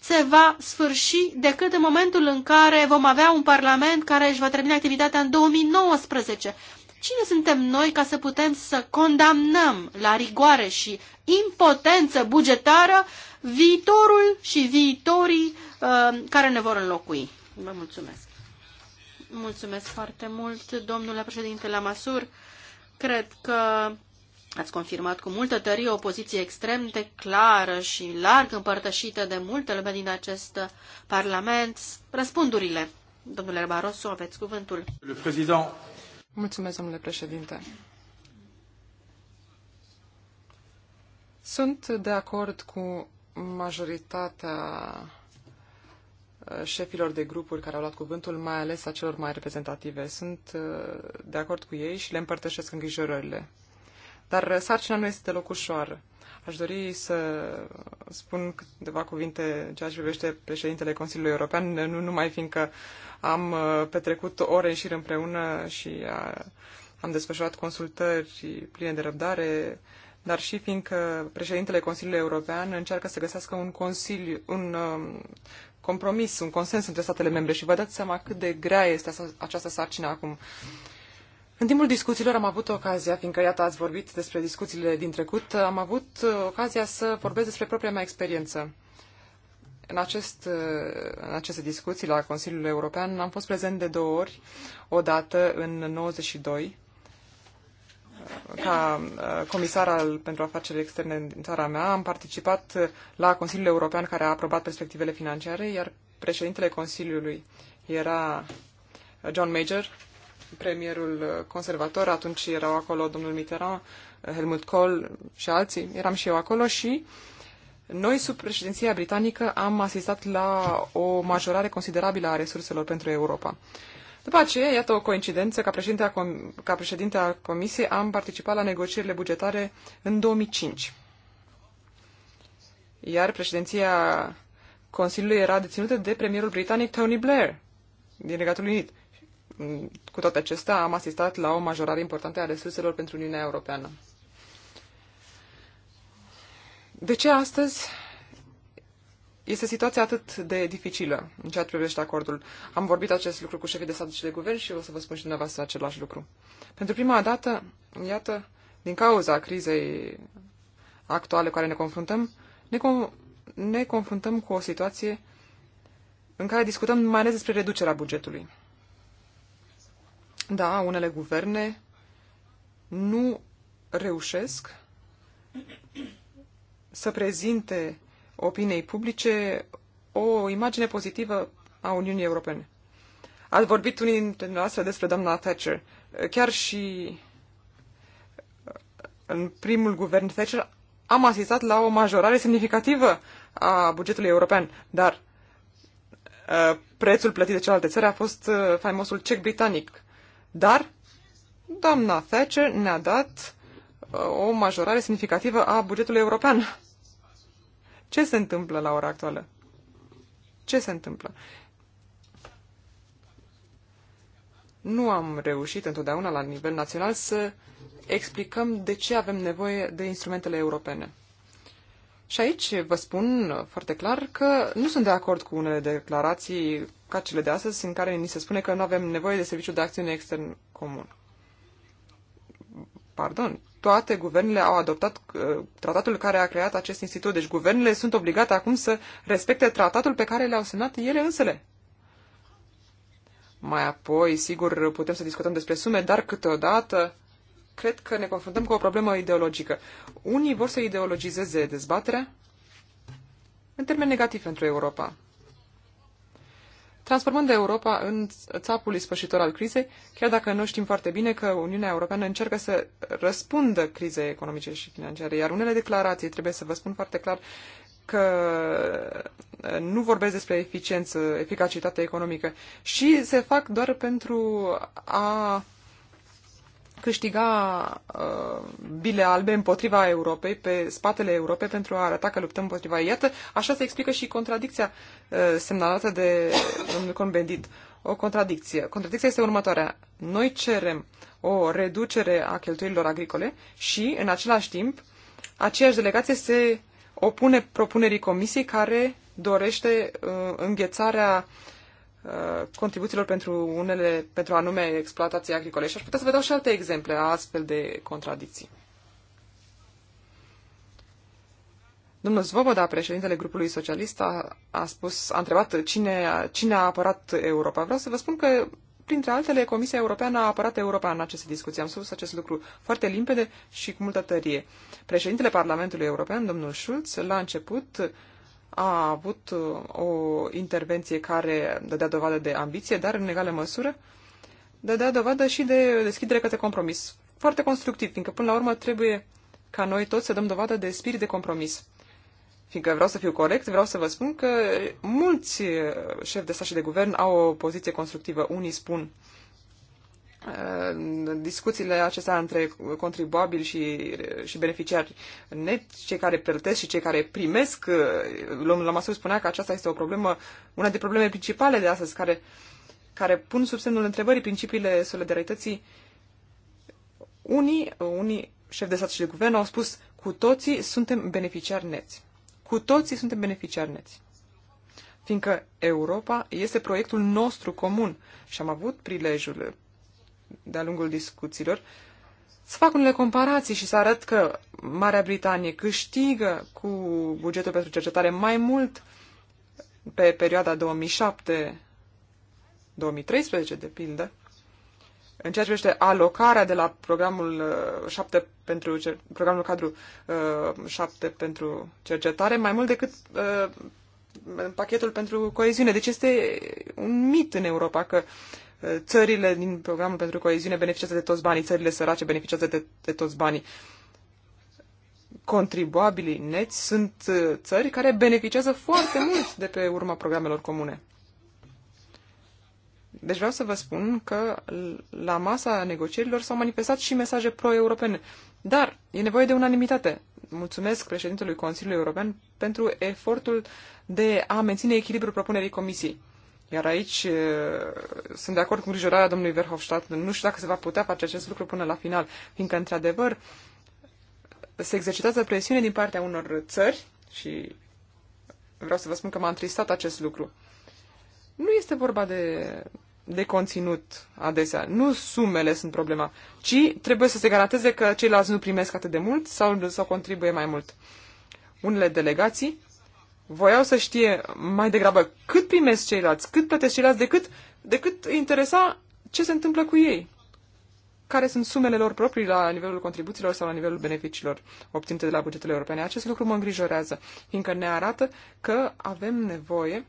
se va sfârși decât în momentul în care vom avea un parlament care își va termina activitatea în 2019. Cine suntem noi ca să putem să condamnăm la rigoare și impotență bugetară viitorul și viitorii uh, care ne vor înlocui? Vă mulțumesc. Mulțumesc foarte mult, domnule președinte Lamasur. Cred că Ați confirmat cu multă tărie o poziție extrem de clară și larg împărtășită de multe lume din acest Parlament. Răspundurile. Domnule Barroso, aveți cuvântul. Mulțumesc, domnule președinte. Sunt de acord cu majoritatea uh, șefilor de grupuri care au luat cuvântul, mai ales a celor mai reprezentative. Sunt uh, de acord cu ei și le împărtășesc îngrijorările dar sarcina nu este deloc ușoară. Aș dori să spun câteva cuvinte ceea ce privește președintele Consiliului European, nu numai fiindcă am uh, petrecut ore și împreună și a, uh, am desfășurat consultări pline de răbdare, dar și fiindcă președintele Consiliului European încearcă să găsească un consiliu, un um, compromis, un consens între statele membre și vă dați seama cât de grea este această sarcină acum. Uh, în timpul discuțiilor am avut ocazia, fiindcă iată ați vorbit despre discuțiile din trecut, am avut uh, ocazia să vorbesc despre propria mea experiență. În, acest, uh, în aceste discuții la Consiliul European am fost prezent de două ori, o dată în 92, uh, ca comisar al, pentru afaceri externe din țara mea, am participat la Consiliul European care a aprobat perspectivele financiare, iar președintele Consiliului era John Major, premierul conservator, atunci erau acolo domnul Mitterrand, Helmut Kohl și alții, eram și eu acolo și noi, sub președinția britanică, am asistat la o majorare considerabilă a resurselor pentru Europa. După aceea, iată o coincidență, ca președinte, a com- ca președinte a Comisiei am participat la negocierile bugetare în 2005. Iar președinția Consiliului era deținută de premierul britanic Tony Blair din Regatul Unit cu toate acestea, am asistat la o majorare importantă a resurselor pentru Uniunea Europeană. De ce astăzi este situația atât de dificilă în ceea ce privește acordul? Am vorbit acest lucru cu șefii de stat și de guvern și o să vă spun și dumneavoastră același lucru. Pentru prima dată, iată, din cauza crizei actuale cu care ne confruntăm, ne, com- ne confruntăm cu o situație în care discutăm mai ales despre reducerea bugetului. Da, unele guverne nu reușesc să prezinte opiniei publice o imagine pozitivă a Uniunii Europene. Ați vorbit unii dintre noastre despre doamna Thatcher. Chiar și uh, în primul guvern Thatcher am asistat la o majorare semnificativă a bugetului european, dar uh, prețul plătit de celelalte țări a fost uh, faimosul cec britanic, dar doamna Thatcher ne-a dat uh, o majorare semnificativă a bugetului european. Ce se întâmplă la ora actuală? Ce se întâmplă? Nu am reușit întotdeauna la nivel național să explicăm de ce avem nevoie de instrumentele europene. Și aici vă spun foarte clar că nu sunt de acord cu unele declarații ca cele de astăzi în care ni se spune că nu avem nevoie de serviciu de acțiune extern comun. Pardon, toate guvernele au adoptat uh, tratatul care a creat acest institut, deci guvernele sunt obligate acum să respecte tratatul pe care le-au semnat ele însele. Mai apoi, sigur, putem să discutăm despre sume, dar câteodată cred că ne confruntăm cu o problemă ideologică. Unii vor să ideologizeze dezbaterea în termen negativ pentru Europa, transformând Europa în țapul ispășitor al crizei, chiar dacă nu știm foarte bine că Uniunea Europeană încearcă să răspundă crizei economice și financiare. Iar unele declarații, trebuie să vă spun foarte clar, că uh, nu vorbesc despre eficiență, eficacitate economică și se fac doar pentru a câștiga uh, bile albe împotriva Europei, pe spatele Europei, pentru a arăta că luptăm împotriva ei. Iată, așa se explică și contradicția uh, semnalată de domnul Convendit. O contradicție. Contradicția este următoarea. Noi cerem o reducere a cheltuielilor agricole și, în același timp, aceeași delegație se opune propunerii comisiei care dorește uh, înghețarea uh, Uh, contribuțiilor pentru unele, pentru anume exploatații agricole. Și aș putea să vă dau și alte exemple a astfel de contradicții. Domnul Zvoboda, președintele grupului socialist, a, a spus, a întrebat cine, cine a apărat Europa. Vreau să vă spun că, printre altele, Comisia Europeană a apărat Europa în aceste discuții. Am spus acest lucru foarte limpede și cu multă tărie. Președintele Parlamentului European, domnul Schulz, la început, uh, a avut uh, o intervenție care dădea dovadă de ambiție, dar în egală măsură dădea dovadă și de deschidere către compromis. Foarte constructiv, fiindcă până la urmă trebuie ca noi toți să dăm dovadă de spirit de compromis. Fiindcă vreau să fiu corect, vreau să vă spun că mulți șefi de stat și de guvern au o poziție constructivă. Unii spun discuțiile acestea între contribuabili și, și beneficiari net, cei care plătesc și cei care primesc, Lomasul spunea că aceasta este o problemă, una dintre probleme principale de astăzi, care, care pun sub semnul întrebării principiile solidarității. Unii, unii șefi de stat și de guvern au spus, cu toții suntem beneficiari neți. Cu toții suntem beneficiari neți fiindcă Europa este proiectul nostru comun și am avut prilejul, de-a lungul discuțiilor, să fac unele comparații și să arăt că Marea Britanie câștigă cu bugetul pentru cercetare mai mult pe perioada 2007-2013, de pildă, în ceea ce privește alocarea de la programul 7 uh, pentru programul cadru 7 uh, pentru cercetare, mai mult decât uh, pachetul pentru coeziune. Deci este un mit în Europa că țările din programul pentru coeziune beneficiază de toți banii, țările sărace beneficiază de, de toți banii. Contribuabilii neți sunt uh, țări care beneficiază foarte mult de pe urma programelor comune. Deci vreau să vă spun că la masa negocierilor s-au manifestat și mesaje pro-europene. Dar e nevoie de unanimitate. Mulțumesc președintelui Consiliului European pentru efortul de a menține echilibrul propunerii Comisiei. Iar aici sunt de acord cu îngrijorarea domnului Verhofstadt. Nu știu dacă se va putea face acest lucru până la final, fiindcă, într-adevăr, se exercitează presiune din partea unor țări și vreau să vă spun că m-a întristat acest lucru. Nu este vorba de, de conținut adesea. Nu sumele sunt problema, ci trebuie să se garanteze că ceilalți nu primesc atât de mult sau, sau contribuie mai mult. Unele delegații voiau să știe mai degrabă cât primesc ceilalți, cât plătesc ceilalți, decât, decât interesa ce se întâmplă cu ei. Care sunt sumele lor proprii la nivelul contribuțiilor sau la nivelul beneficiilor obținute de la bugetele europene. Acest lucru mă îngrijorează, fiindcă ne arată că avem nevoie,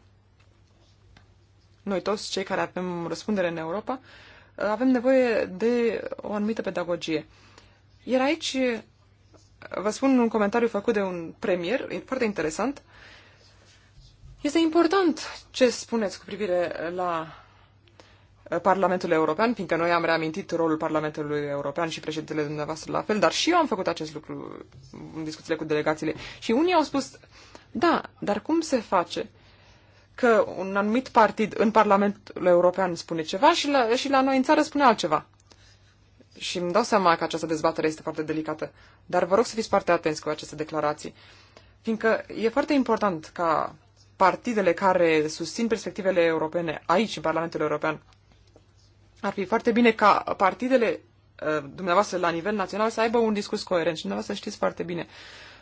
noi toți cei care avem răspundere în Europa, avem nevoie de o anumită pedagogie. Iar aici vă spun un comentariu făcut de un premier, foarte interesant, uh, este important ce spuneți cu privire la eh, Parlamentul European, fiindcă noi am reamintit rolul Parlamentului European și președintele dumneavoastră la fel, dar și eu am făcut acest lucru în discuțiile cu delegațiile. Și unii au spus, da, dar cum se face că un anumit partid în Parlamentul European spune ceva și la, și la noi în țară spune altceva? Și îmi dau seama că această dezbatere este foarte delicată, dar vă rog să fiți foarte atenți cu aceste declarații, fiindcă e foarte important ca partidele care susțin perspectivele europene aici, în Parlamentul European. Ar fi foarte bine ca partidele uh, dumneavoastră la nivel național să aibă un discurs coerent și dumneavoastră știți foarte bine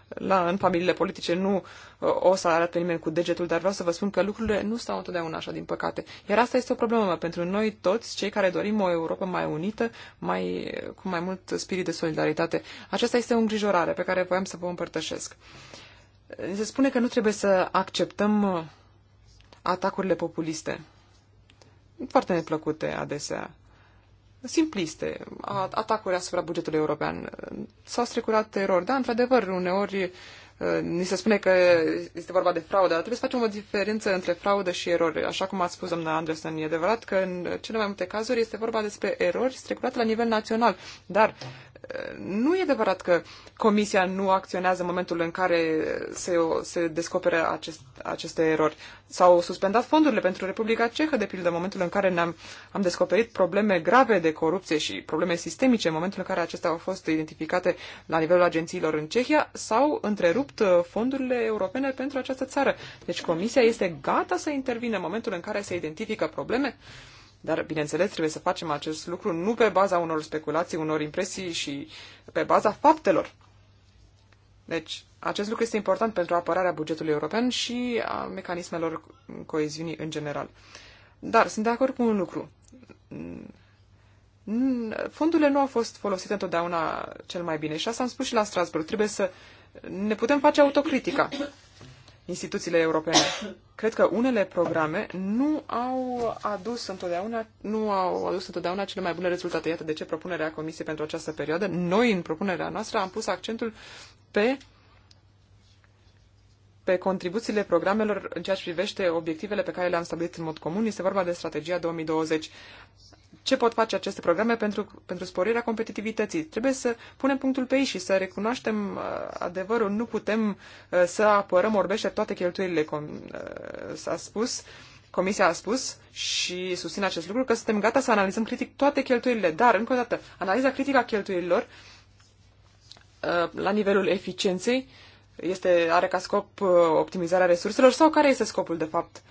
la, în familiile politice nu uh, o să arate nimeni cu degetul, dar vreau să vă spun că lucrurile nu stau întotdeauna așa, din păcate. Iar asta este o problemă pentru noi toți, cei care dorim o Europa mai unită, mai, cu mai mult spirit de solidaritate. Aceasta este o îngrijorare pe care voiam să vă împărtășesc. Uh, se spune că nu trebuie să acceptăm uh, atacurile populiste. Foarte neplăcute adesea. Simpliste. Atacuri asupra bugetului european. S-au strecurat erori. Da, într-adevăr, uneori uh, ni se spune că este vorba de fraudă, dar trebuie să facem o diferență între fraudă și erori. Așa cum a spus doamna Anderson, e adevărat că în cele mai multe cazuri este vorba despre erori strecurate la nivel național. Dar nu e adevărat că Comisia nu acționează în momentul în care se, se descoperă acest, aceste erori. S-au suspendat fondurile pentru Republica Cehă, de pildă, în momentul în care ne-am am descoperit probleme grave de corupție și probleme sistemice, în momentul în care acestea au fost identificate la nivelul agențiilor în Cehia, s-au întrerupt uh, fondurile europene pentru această țară. Deci Comisia este gata să intervină în momentul în care se identifică probleme? Uh, dar, bineînțeles, trebuie să facem acest lucru nu pe baza unor speculații, unor impresii și pe baza faptelor. Deci, acest lucru este important pentru apărarea bugetului european și a mecanismelor coeziunii în general. Dar sunt de acord cu un lucru. Fondurile nu au fost folosite întotdeauna cel mai bine și asta am spus și la Strasburg. Trebuie să ne putem face autocritica instituțiile europene. Cred că unele programe nu au adus întotdeauna, nu au adus întotdeauna cele mai bune rezultate. Iată de ce propunerea Comisiei pentru această perioadă. Noi, în propunerea noastră, am pus accentul pe pe contribuțiile programelor în ceea ce privește obiectivele pe care le-am stabilit în mod comun. Este vorba de strategia 2020 ce pot face aceste programe pentru, pentru sporirea competitivității. Trebuie să punem punctul pe ei și să recunoaștem uh, adevărul. Nu putem uh, să apărăm orbește toate cheltuielile, uh, s-a spus. Comisia a spus și susțin acest lucru că suntem gata să analizăm critic toate cheltuielile, dar, încă o dată, analiza critică a cheltuielilor la nivelul eficienței este, are ca scop optimizarea resurselor sau care este scopul, de fapt?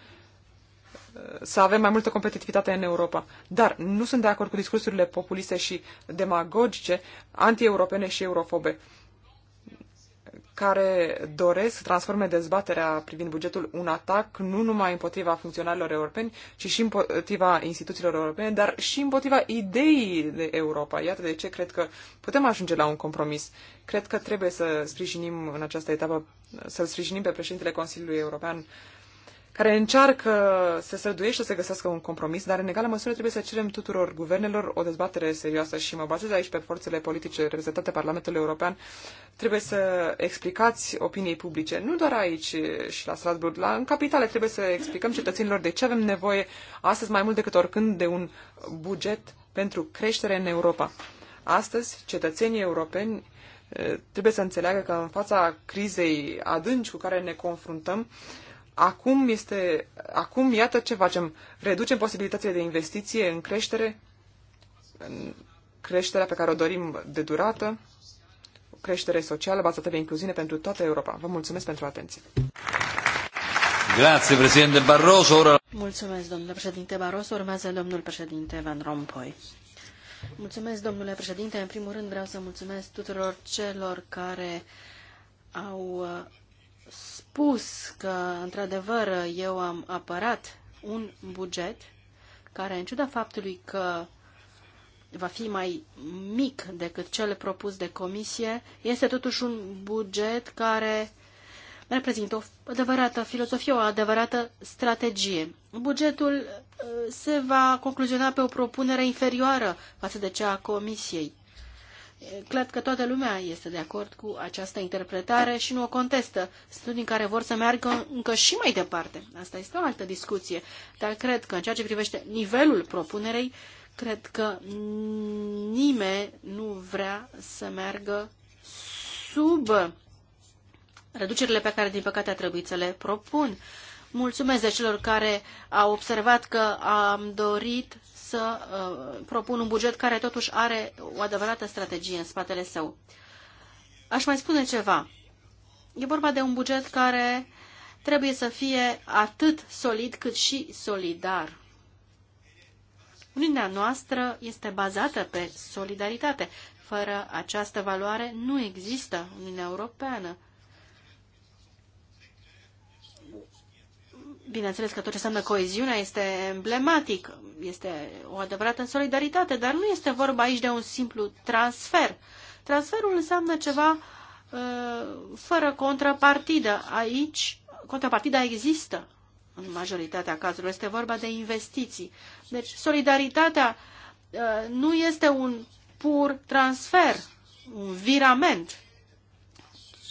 să avem mai multă competitivitate în Europa. Dar nu sunt de acord cu discursurile populiste și demagogice, antieuropene și eurofobe, care doresc să transforme dezbaterea privind bugetul un atac nu numai împotriva funcționarilor europeni, ci și împotriva instituțiilor europene, dar și împotriva ideii de Europa. Iată de ce cred că putem ajunge la un compromis. Cred că trebuie să sprijinim în această etapă, să-l sprijinim pe președintele Consiliului European care încearcă să se duiește să găsească un compromis, dar în egală măsură trebuie să cerem tuturor guvernelor o dezbatere serioasă și mă bazez aici pe forțele politice reprezentate Parlamentului European. Trebuie să explicați opiniei publice, nu doar aici și la Strasbourg, la, în capitale trebuie să explicăm cetățenilor de ce avem nevoie astăzi mai mult decât oricând de un buget pentru creștere în Europa. Astăzi, cetățenii europeni eh, trebuie să înțeleagă că în fața crizei adânci cu care ne confruntăm, Acum este, acum iată ce facem. Reducem posibilitățile de investiție în creștere, în creșterea pe care o dorim de durată, o creștere socială bazată pe incluziune pentru toată Europa. Vă mulțumesc pentru atenție. Grazie, președinte Barroso. Ora... Mulțumesc, domnule președinte Barroso. Urmează domnul președinte Van Rompuy. Mulțumesc, domnule președinte. În primul rând vreau să mulțumesc tuturor celor care au spus că, într-adevăr, eu am apărat un buget care, în ciuda faptului că va fi mai mic decât cel propus de comisie, este totuși un buget care reprezintă o adevărată filozofie, o adevărată strategie. Bugetul uh, se va concluziona pe o propunere inferioară față de cea a comisiei. Cred că toată lumea este de acord cu această interpretare și nu o contestă. Sunt din care vor să meargă încă și mai departe. Asta este o altă discuție. Dar cred că în ceea ce privește nivelul propunerei, cred că nimeni nu vrea să meargă sub reducerile pe care, din păcate, a trebuit să le propun. Mulțumesc de celor care au observat că am dorit să uh, propun un buget care totuși are o adevărată strategie în spatele său. Aș mai spune ceva. E vorba de un buget care trebuie să fie atât solid cât și solidar. Uniunea noastră este bazată pe solidaritate. Fără această valoare nu există Uniunea Europeană. Bineînțeles că tot ce înseamnă coeziunea este emblematic, este o adevărată solidaritate, dar nu este vorba aici de un simplu transfer. Transferul înseamnă ceva uh, fără contrapartidă. Aici contrapartida există în majoritatea cazurilor. Este vorba de investiții. Deci solidaritatea uh, nu este un pur transfer, un virament.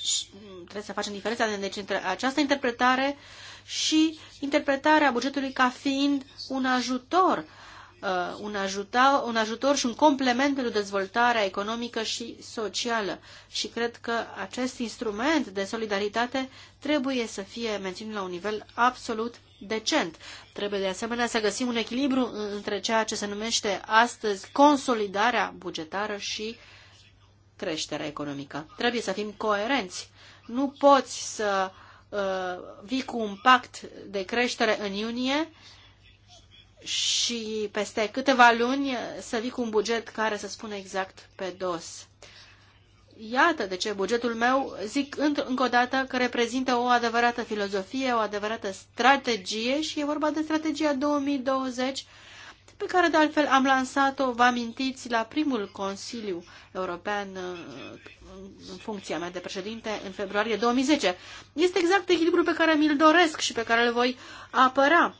Și trebuie să facem diferența deci, între această interpretare uh, și interpretarea bugetului ca fiind un ajutor, uh, un, ajutor, un ajutor și un complement pentru dezvoltarea economică și socială. Și cred că acest instrument de solidaritate trebuie să fie menținut la un nivel absolut decent. Trebuie de asemenea să găsim un echilibru între ceea ce se numește astăzi consolidarea bugetară și creșterea economică. Trebuie să fim coerenți. Nu poți să Uh, vii cu un pact de creștere în iunie și peste câteva luni să vii cu un buget care să spună exact pe dos. Iată de ce bugetul meu, zic încă o dată, că reprezintă o adevărată filozofie, o adevărată strategie și e vorba de strategia 2020 pe care de altfel am lansat-o, vă amintiți, la primul Consiliu European uh, în funcția mea de președinte în februarie 2010. Este exact echilibrul pe care mi-l doresc și pe care îl voi apăra.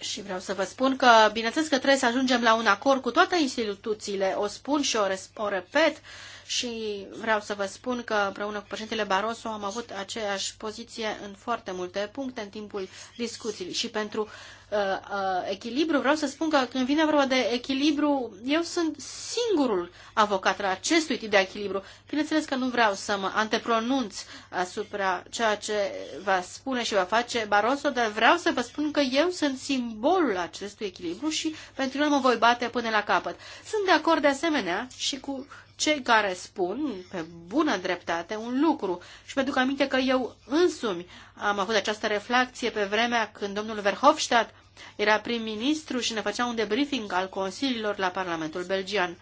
Și vreau să vă spun că, bineînțeles că trebuie să ajungem la un acord cu toate instituțiile, o spun și o, o repet, uh, și vreau să vă spun că împreună cu președintele Barroso am avut aceeași poziție în foarte multe puncte în timpul discuțiilor și pentru uh, uh, echilibru vreau să spun că când vine vorba de echilibru, eu sunt singurul avocat la acestui tip de echilibru. Bineînțeles că nu vreau să mă antepronunț asupra ceea ce va spune și va face Barroso, dar vreau să vă spun că eu sunt simbolul acestui echilibru și pentru el mă voi bate până la capăt. Sunt de acord de asemenea și cu uh, cei care spun, pe bună dreptate, un lucru. Și mi-aduc aminte că eu însumi am avut această reflexie pe vremea când domnul Verhofstadt era prim-ministru și ne făcea un debriefing al consiliilor la Parlamentul Belgian.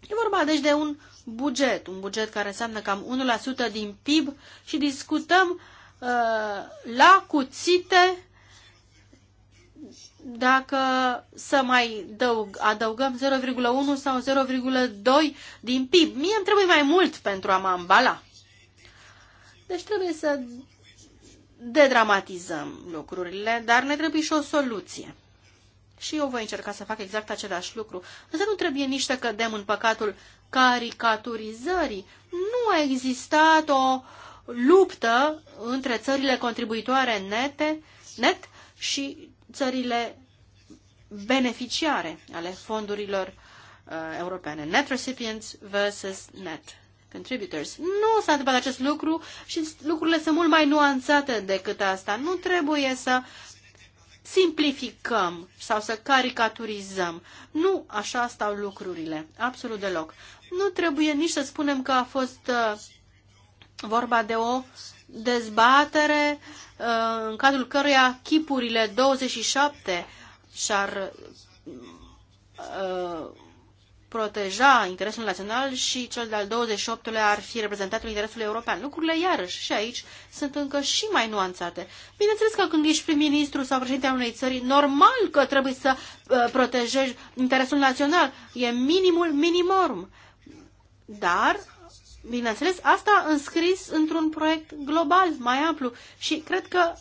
E vorba deci de un buget, un buget care înseamnă cam 1% din PIB și discutăm uh, la cuțite dacă să mai dăug, adăugăm 0,1 sau 0,2 din PIB. Mie îmi trebuie mai mult pentru a mă ambala. Deci trebuie să dedramatizăm lucrurile, dar ne trebuie și o soluție. Și eu voi încerca să fac exact același lucru. Însă nu trebuie nici să cădem în păcatul caricaturizării. Nu a existat o luptă între țările contribuitoare nete, net și țările beneficiare ale fondurilor uh, europene. Net recipients versus net contributors. Nu s-a întâmplat acest lucru și lucrurile sunt mult mai nuanțate decât asta. Nu trebuie să simplificăm sau să caricaturizăm. Nu așa stau lucrurile, absolut deloc. Nu trebuie nici să spunem că a fost uh, vorba de o dezbatere uh, în cadrul căruia chipurile 27 și-ar uh, proteja interesul național și cel de-al 28-lea ar fi reprezentatul interesului european. Lucrurile, iarăși, și aici sunt încă și mai nuanțate. Bineînțeles că când ești prim-ministru sau președinte al unei țări, normal că trebuie să uh, protejezi interesul național. E minimul minimorum. Dar bineînțeles, asta înscris într-un proiect global, mai amplu. Și cred că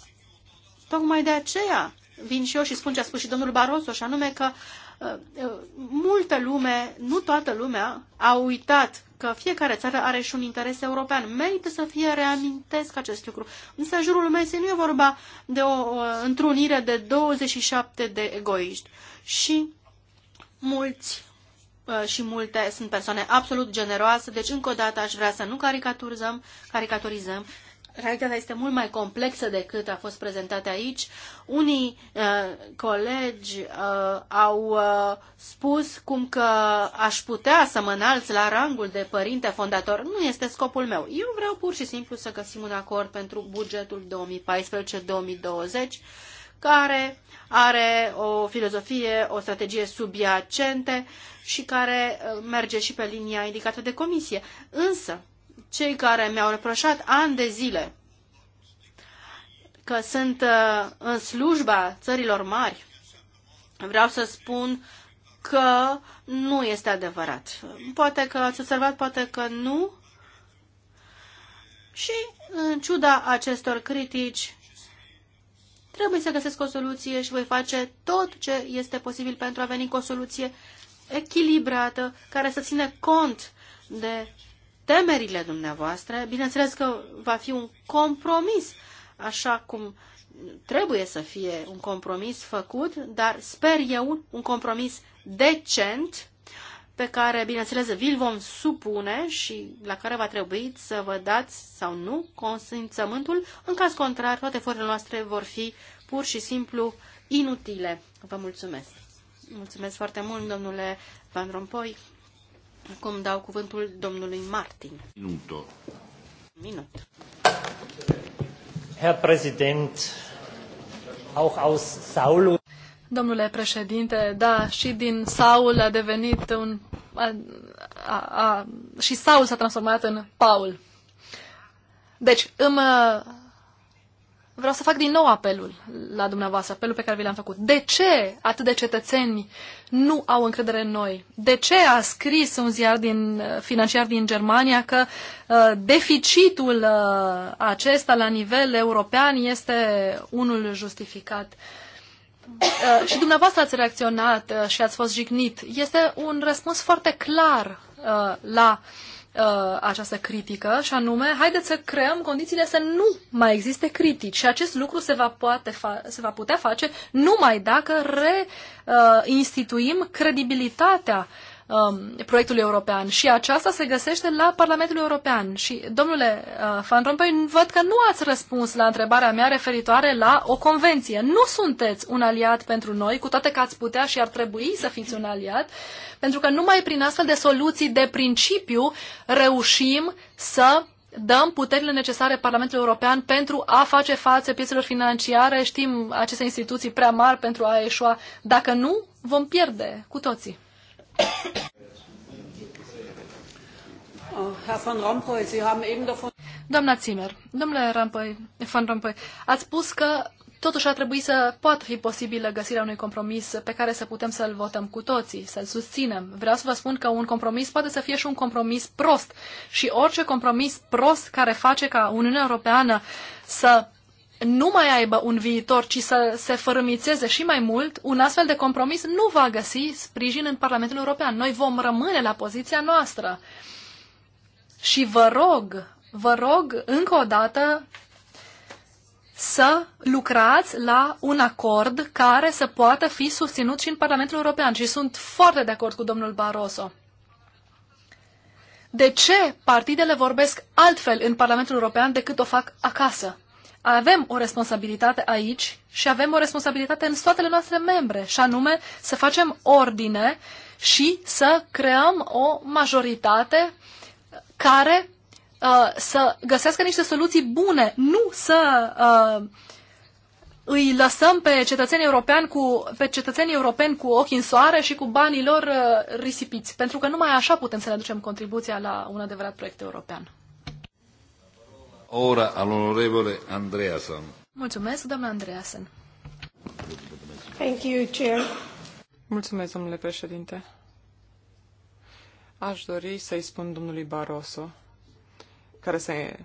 tocmai de aceea vin și eu și spun ce a spus și domnul Barroso, și anume că uh, uh multă lume, nu toată lumea, a uitat că fiecare țară are și un interes european. Merită să fie reamintesc acest lucru. Însă în jurul meu nu e vorba de o uh, întrunire de 27 de egoiști. Și mulți Uh, și multe sunt persoane absolut generoase, deci încă o dată aș vrea să nu caricaturizăm, caricaturizăm. Realitatea este mult mai complexă decât a fost prezentată aici. Unii uh, colegi uh, au uh, spus cum că aș putea să mă înalț la rangul de părinte fondator. Nu este scopul meu. Eu vreau pur și simplu să găsim un acord pentru bugetul 2014-2020 care are o filozofie, o strategie subiacente și care uh, merge și pe linia indicată de comisie. Însă, cei care mi-au reproșat ani de zile că sunt uh, în slujba țărilor mari, vreau să spun că nu este adevărat. Poate că ați observat, poate că nu. Și în ciuda acestor critici, Trebuie să găsesc o soluție și voi face tot ce este posibil pentru a veni cu o soluție echilibrată, care să ține cont de temerile dumneavoastră. Bineînțeles că va fi un compromis, așa cum trebuie să fie un compromis făcut, dar sper eu un compromis decent pe care, bineînțeles, vi-l vom supune și la care va trebui să vă dați sau nu consimțământul. În caz contrar, toate eforturile noastre vor fi pur și simplu inutile. Vă mulțumesc! Mulțumesc foarte mult, domnule Van Rompuy. Acum dau cuvântul domnului Martin. Minuto. Minut. Herr Präsident, auch aus Saulus Domnule președinte, da, și din Saul a devenit un... A, a, a, și Saul s-a transformat în Paul. Deci, îmi, uh, vreau să fac din nou apelul la dumneavoastră, apelul pe care vi l-am făcut. De ce atât de cetățeni nu au încredere în noi? De ce a scris un ziar din, uh, financiar din Germania că uh, deficitul uh, acesta la nivel european este unul justificat? Uh, Uh, și dumneavoastră ați reacționat uh, și ați fost jignit. Este un răspuns foarte clar uh, la această critică și anume, haideți să creăm condițiile să nu mai existe critici și acest lucru se va, poate fa- se va putea face numai dacă reinstituim credibilitatea uh, um, proiectului european. Și aceasta se găsește la Parlamentul European. Și, domnule uh, Van Rompuy, văd că nu ați răspuns la întrebarea mea referitoare la o convenție. Nu sunteți un aliat pentru noi, cu toate că ați putea și ar trebui să fiți un aliat, pentru că numai prin astfel de soluții de principiu reușim să dăm puterile necesare Parlamentului European pentru a face față piețelor financiare. Știm aceste instituții prea mari pentru a eșua. Dacă nu, vom pierde cu toții. Doamna Zimmer, domnule Rampoi, Van Rampoi, ați spus că totuși ar trebui să poată fi posibilă găsirea unui compromis pe care să putem să-l votăm cu toții, să-l susținem. Vreau să vă spun că un compromis poate să fie și un compromis prost și orice compromis prost care face ca Uniunea Europeană să nu mai aibă un viitor, ci să se fărâmițeze și mai mult, un astfel de compromis nu va găsi sprijin în Parlamentul European. Noi vom rămâne la poziția noastră. Și vă rog, vă rog încă o dată să lucrați la un acord care să poată fi susținut și în Parlamentul European. Și sunt foarte de acord cu domnul Barroso. De ce partidele vorbesc altfel în Parlamentul European decât o fac acasă? avem o responsabilitate aici și avem o responsabilitate în statele noastre membre, și anume să facem ordine și să creăm o majoritate care uh, să găsească niște soluții bune, nu să uh, îi lăsăm pe cetățenii, europeni cu, pe cetățenii europeni cu ochii în soare și cu banii lor uh, risipiți, pentru că numai așa putem să ne aducem contribuția la un adevărat proiect european ora al Andreasen. Mulțumesc, doamna Andreasen. Thank you, Chair. Mulțumesc, domnule președinte. Aș dori să-i spun domnului Barroso, care se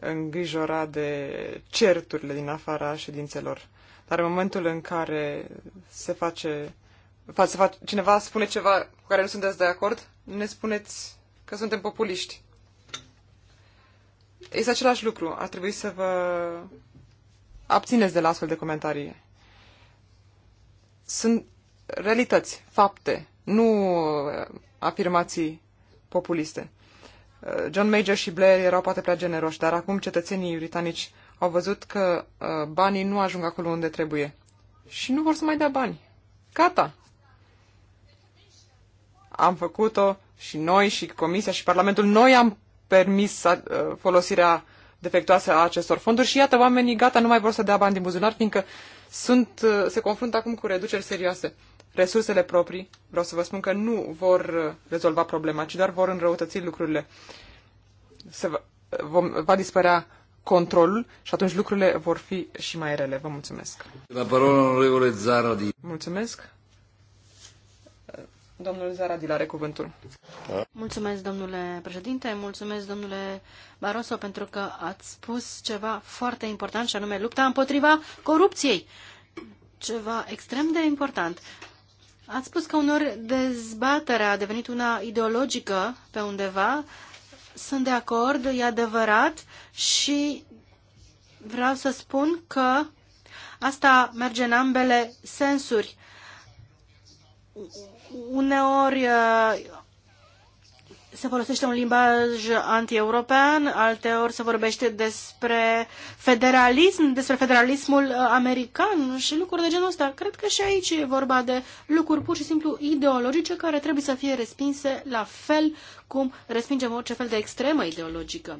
îngrijora de certurile din afara ședințelor. Dar în momentul în care se face, se face cineva spune ceva cu care nu sunteți de acord, ne spuneți că suntem populiști. Este același lucru. Ar trebui să vă abțineți de la astfel de comentarii. Sunt realități, fapte, nu uh, afirmații populiste. Uh, John Major și Blair erau poate prea generoși, dar acum cetățenii britanici au văzut că uh, banii nu ajung acolo unde trebuie și nu vor să mai dea bani. Gata! Am făcut-o și noi și Comisia și Parlamentul. Noi am permis uh, folosirea defectuoase a acestor fonduri și iată oamenii gata, nu mai vor să dea bani din buzunar, fiindcă sunt, uh, se confruntă acum cu reduceri serioase. Resursele proprii, vreau să vă spun că nu vor uh, rezolva problema, ci doar vor înrăutăți lucrurile. Se va, vom, va dispărea controlul și atunci lucrurile vor fi și mai rele. Vă mulțumesc. La parola Zara Zaradi. Mulțumesc. Domnul Zaradil are cuvântul. Mulțumesc, domnule președinte, mulțumesc, domnule Barroso, pentru că ați spus ceva foarte important, și anume lupta împotriva corupției. Ceva extrem de important. Ați spus că unor dezbaterea a devenit una ideologică pe undeva. Sunt de acord, e adevărat și vreau să spun că asta merge în ambele sensuri Uneori uh, se folosește un limbaj anti-european, alteori se vorbește despre federalism, despre federalismul uh, american și lucruri de genul ăsta. Cred că și aici e vorba de lucruri pur și simplu ideologice care trebuie să fie respinse la fel cum respingem orice fel de extremă ideologică.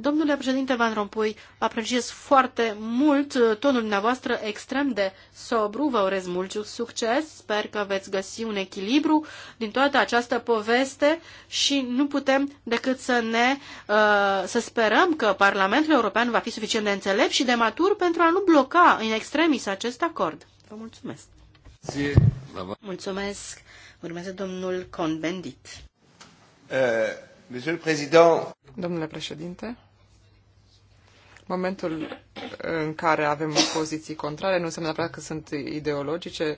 Domnule președinte Van Rompuy, apreciez foarte mult uh, tonul dumneavoastră extrem de sobru. Vă urez mult succes. Sper că veți găsi un echilibru din toată această poveste și nu putem decât să ne uh, să sperăm că Parlamentul European va fi suficient de înțelept și de matur pentru a nu bloca în extremis acest acord. Vă mulțumesc. Mulțumesc. Urmează domnul Convendit. Uh, eh, Domnule președinte, momentul în care avem poziții contrare nu înseamnă neapărat că sunt ideologice,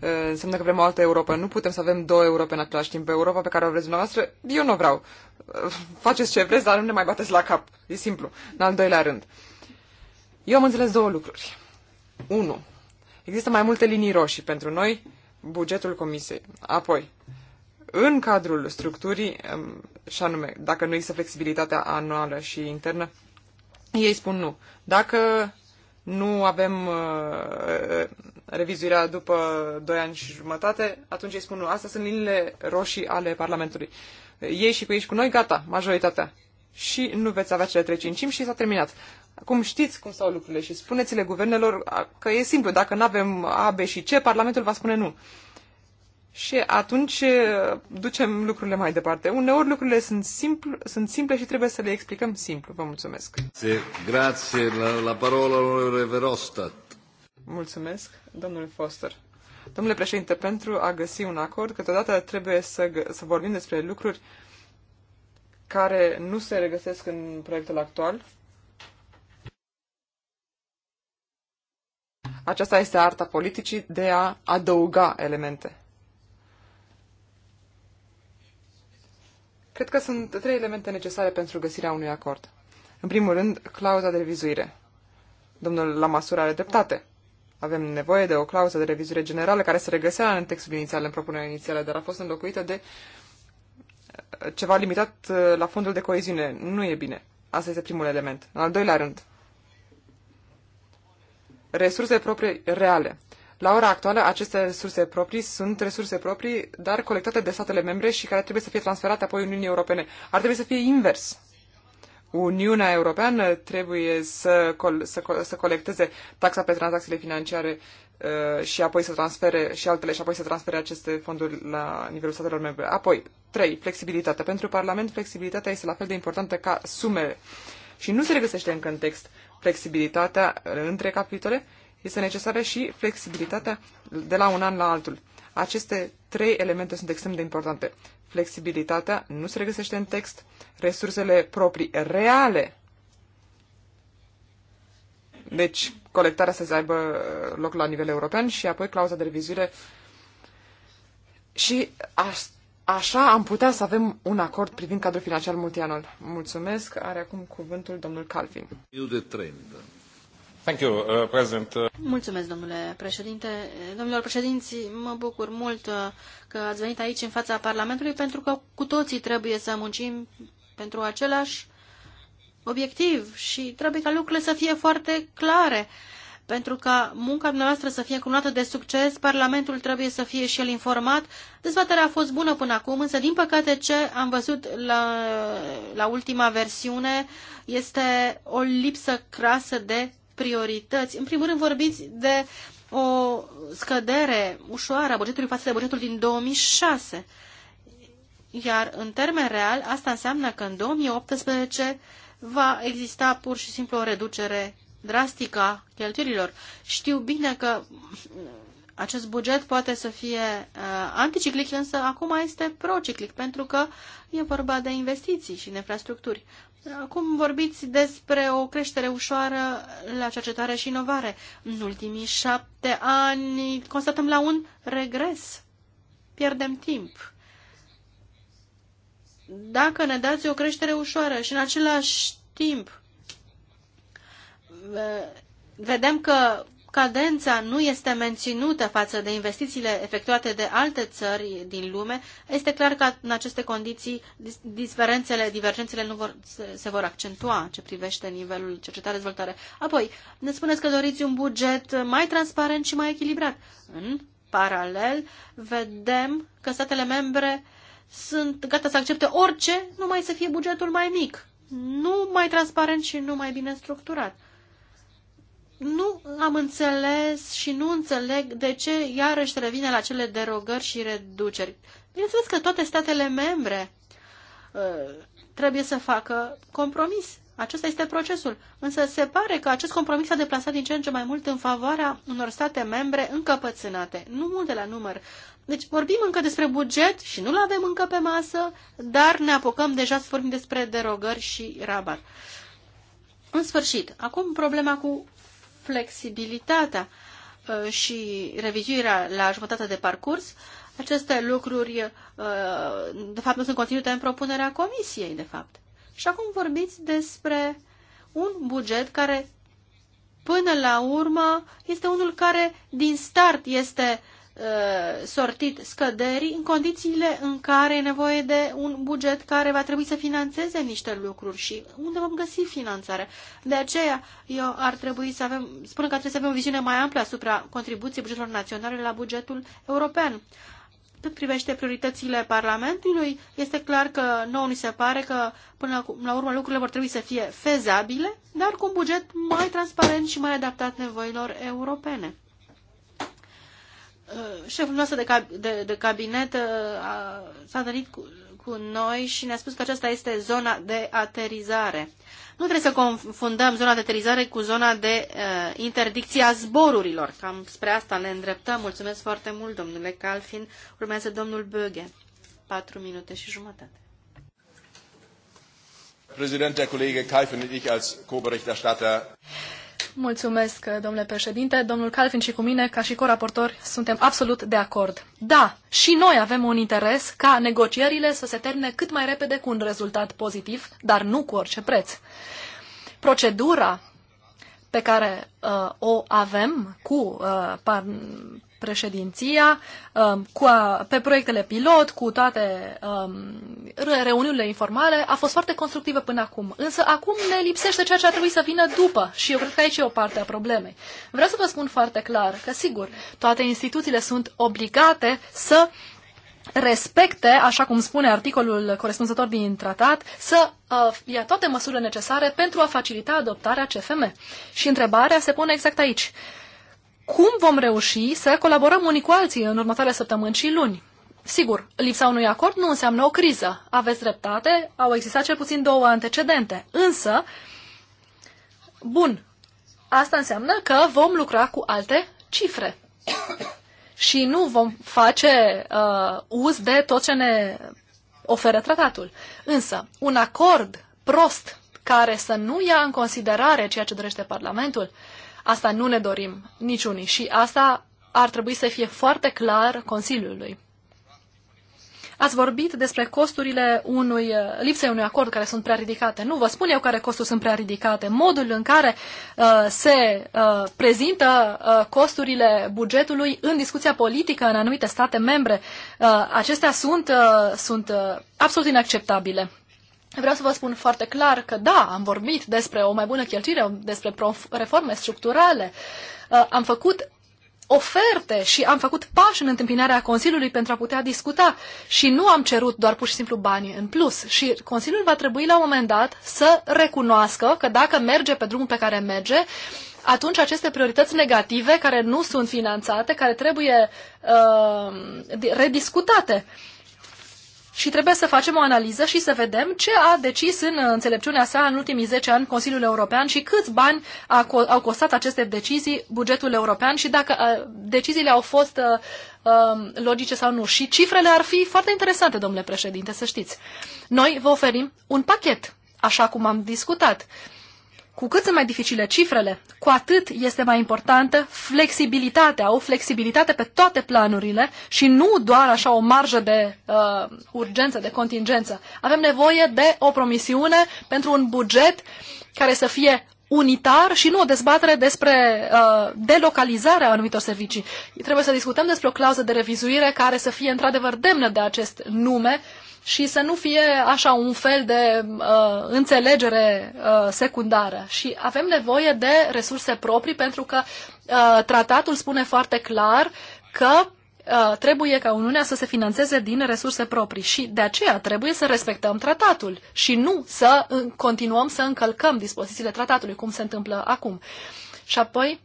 uh, înseamnă că vrem o altă Europa. Nu putem să avem două Europe în același timp. Europa pe care o vreți dumneavoastră, eu nu vreau. Uh, faceți ce vreți, dar nu ne mai bateți la cap. E simplu. În al doilea rând. Eu am înțeles două lucruri. Unu, există mai multe linii roșii pentru noi, bugetul comisiei. Apoi, în cadrul structurii, um, și anume, dacă nu există flexibilitatea anuală și internă, ei spun nu. Dacă nu avem uh, uh revizuirea după 2 ani și jumătate, atunci ei spun nu. Astea sunt liniile roșii ale Parlamentului. Ei și cu ei și cu noi, gata, majoritatea. Și nu veți avea cele 3 5 și s-a terminat. Acum știți cum stau lucrurile și spuneți-le guvernelor că e simplu, dacă nu avem A, B și C, Parlamentul va spune nu. Și atunci ducem lucrurile mai departe. Uneori lucrurile sunt, simplu, sunt simple și trebuie să le explicăm simplu. Vă mulțumesc. grație La, la parola lui Verostat. Mulțumesc, domnule Foster. Domnule președinte, pentru a găsi un acord, câteodată trebuie să, să vorbim despre lucruri care nu se regăsesc în proiectul actual. Aceasta este arta politicii de a adăuga elemente. Cred că sunt trei elemente necesare pentru găsirea unui acord. În primul rând, clauza de revizuire. Domnul Lamasura are dreptate. Avem nevoie de o clauză de revizuire generală care se regăsea în textul inițial, în propunerea inițială, dar a fost înlocuită de uh, ceva limitat uh, la fondul de coeziune. Nu e bine. Asta este primul element. În al doilea rând, resurse proprii reale. La ora actuală, aceste resurse proprii sunt resurse proprii, dar colectate de statele membre și care trebuie să fie transferate apoi Uniunii Europene. Ar trebui să fie invers. Uniunea Europeană trebuie să, col- să, co- să colecteze taxa pe tranzacțiile financiare uh, și apoi să transfere și altele și apoi să transfere aceste fonduri la nivelul statelor membre. Apoi, 3. Flexibilitatea. Pentru Parlament, flexibilitatea este la fel de importantă ca sumele. Și nu se regăsește încă în text flexibilitatea între capitole, este necesară și flexibilitatea de la un an la altul. Aceste trei elemente sunt extrem de importante. Flexibilitatea nu se regăsește în text, resursele proprii reale. Deci, colectarea să se aibă loc la nivel european și apoi clauza de revizuire. Și așa am putea să avem un acord privind cadrul financiar multianual. Mulțumesc. Are acum cuvântul domnul Calvin. Eu de 30. Thank you, uh, President. Mulțumesc, domnule președinte. Domnilor președinți, mă bucur mult uh, că ați venit aici în fața Parlamentului, pentru că cu toții trebuie să muncim pentru același obiectiv și trebuie ca lucrurile să fie foarte clare. Pentru ca munca noastră să fie cununată de succes, Parlamentul trebuie să fie și el informat. Dezbaterea a fost bună până acum, însă din păcate ce am văzut la, la ultima versiune este o lipsă crasă de priorități. În primul rând vorbiți de o scădere ușoară a bugetului față de bugetul din 2006. Iar în termen real, asta înseamnă că în 2018 va exista pur și simplu o reducere drastică a cheltuielilor. Știu bine că acest buget poate să fie uh, anticiclic, însă acum este prociclic, pentru că e vorba de investiții și de infrastructuri. Acum vorbiți despre o creștere ușoară la cercetare și inovare. În ultimii șapte ani constatăm la un regres. Pierdem timp. Dacă ne dați o creștere ușoară și în același timp eh, vedem că cadența nu este menținută față de investițiile efectuate de alte țări din lume, este clar că în aceste condiții diferențele, divergențele nu vor, se, se vor accentua ce privește nivelul cercetare-dezvoltare. Apoi, ne spuneți că doriți un buget mai transparent și mai echilibrat. În paralel, vedem că statele membre sunt gata să accepte orice, numai să fie bugetul mai mic, nu mai transparent și nu mai bine structurat nu am înțeles și nu înțeleg de ce iarăși revine la cele derogări și reduceri. Bineînțeles că toate statele membre uh, trebuie să facă compromis. Acesta este procesul. Însă se pare că acest compromis s-a deplasat din ce în ce mai mult în favoarea unor state membre încăpățânate, nu multe la număr. Deci vorbim încă despre buget și nu-l avem încă pe masă, dar ne apucăm deja să vorbim despre derogări și rabat. În sfârșit, acum problema cu flexibilitatea uh, și revizuirea la jumătate de parcurs, aceste lucruri, uh, de fapt, nu sunt conținute în propunerea comisiei, de fapt. Și acum vorbiți despre un buget care, până la urmă, este unul care, din start, este uh, Uh, sortit scăderi în condițiile în care e nevoie de un buget care va trebui să financeze niște lucruri și unde vom găsi finanțare. De aceea eu ar trebui să avem, spun că trebuie să avem o viziune mai amplă asupra contribuției bugetelor naționale la bugetul european. Cât privește prioritățile Parlamentului, este clar că nouă ni se pare că până la urmă lucrurile vor trebui să fie fezabile, dar cu un buget mai transparent și mai adaptat nevoilor europene. Uh, șeful nostru de, cab- de, de cabinet uh, s-a întâlnit cu, cu noi și ne-a spus că aceasta este zona de aterizare. Nu trebuie să confundăm zona de aterizare cu zona de uh, interdicție a zborurilor. Cam spre asta ne îndreptăm. Mulțumesc foarte mult, domnule Calfin. Urmează domnul Böge. Patru minute și jumătate. Präsident, der Kollege Kalfin und ich als Co-Berichterstatter. Mulțumesc, domnule președinte. Domnul Calvin și cu mine, ca și coraportori, suntem absolut de acord. Da, și noi avem un interes ca negocierile să se termine cât mai repede cu un rezultat pozitiv, dar nu cu orice preț. Procedura pe care uh, o avem cu uh, par președinția um, cu a, uh, pe proiectele pilot, cu toate um, reuniunile informale, a fost foarte constructivă până acum. Însă acum ne lipsește ceea ce ar trebui să vină după și eu cred că aici e o parte a problemei. Vreau să vă spun foarte clar că, sigur, toate instituțiile sunt obligate să respecte, așa cum spune articolul corespunzător din tratat, să uh, ia toate măsurile necesare pentru a facilita adoptarea CFM. Și întrebarea se pune exact aici. Uh, cum vom reuși să colaborăm unii cu alții în următoarele săptămâni și luni. Sigur, lipsa unui acord nu înseamnă o criză. Aveți dreptate, au existat cel puțin două antecedente. Însă, bun, asta înseamnă că vom lucra cu alte cifre. (coughs) și nu vom face uh, uz de tot ce ne oferă tratatul. Însă, un acord prost care să nu ia în considerare ceea ce dorește Parlamentul, uh, Asta nu ne dorim niciunii și asta ar trebui să fie foarte clar Consiliului. Ați vorbit despre costurile unui, lipsei unui acord care sunt prea ridicate. Nu vă spun eu care costuri sunt prea ridicate. Modul în care uh, se uh, prezintă uh, costurile bugetului în discuția politică în anumite state membre, uh, acestea sunt, uh, sunt uh, absolut inacceptabile. Vreau să vă spun foarte clar că da, am vorbit despre o mai bună cheltuire, despre reforme structurale, uh, am făcut oferte și am făcut pași în întâmpinarea Consiliului pentru a putea discuta și nu am cerut doar pur și simplu bani în plus. Și Consiliul va trebui la un moment dat să recunoască că dacă merge pe drumul pe care merge, atunci aceste priorități negative care nu sunt finanțate, care trebuie uh, rediscutate, uh, și trebuie să facem o analiză și să vedem ce a decis în înțelepciunea sa în ultimii 10 ani Consiliul European și câți bani au costat aceste decizii bugetul european și dacă deciziile au fost logice sau nu. Și cifrele ar fi foarte interesante, domnule președinte, să știți. Noi vă oferim un pachet, așa cum am discutat cu cât sunt mai dificile cifrele, cu atât este mai importantă flexibilitatea, o flexibilitate pe toate planurile și nu doar așa o marjă de uh, urgență, de contingență. Avem nevoie de o promisiune pentru un buget care să fie unitar și nu o dezbatere despre uh, delocalizarea anumitor servicii. Trebuie să discutăm despre o clauză de revizuire care să fie într-adevăr demnă de acest nume, și să nu fie așa un fel de uh, înțelegere uh, secundară. Și avem nevoie de resurse proprii pentru că uh, tratatul spune foarte clar că uh, trebuie ca Uniunea să se financeze din resurse proprii și de aceea trebuie să respectăm tratatul și nu să continuăm să încălcăm dispozițiile tratatului, cum se întâmplă acum. Și apoi,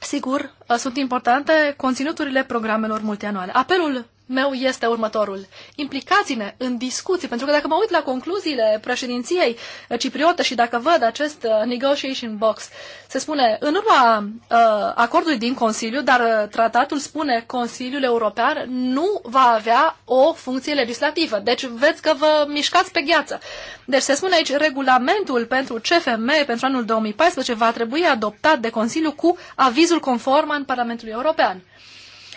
sigur, uh, sunt importante conținuturile programelor multianuale. Apelul meu este următorul. Implicați-ne în discuții, pentru că dacă mă uit la concluziile președinției eh, cipriote și dacă văd acest eh, negotiation box, se spune în urma uh, acordului din Consiliu, dar uh, tratatul spune Consiliul European nu va avea o funcție legislativă. Deci veți că vă mișcați pe gheață. Deci se spune aici regulamentul pentru CFM pentru anul 2014 va trebui adoptat de Consiliu cu avizul conform al Parlamentului European.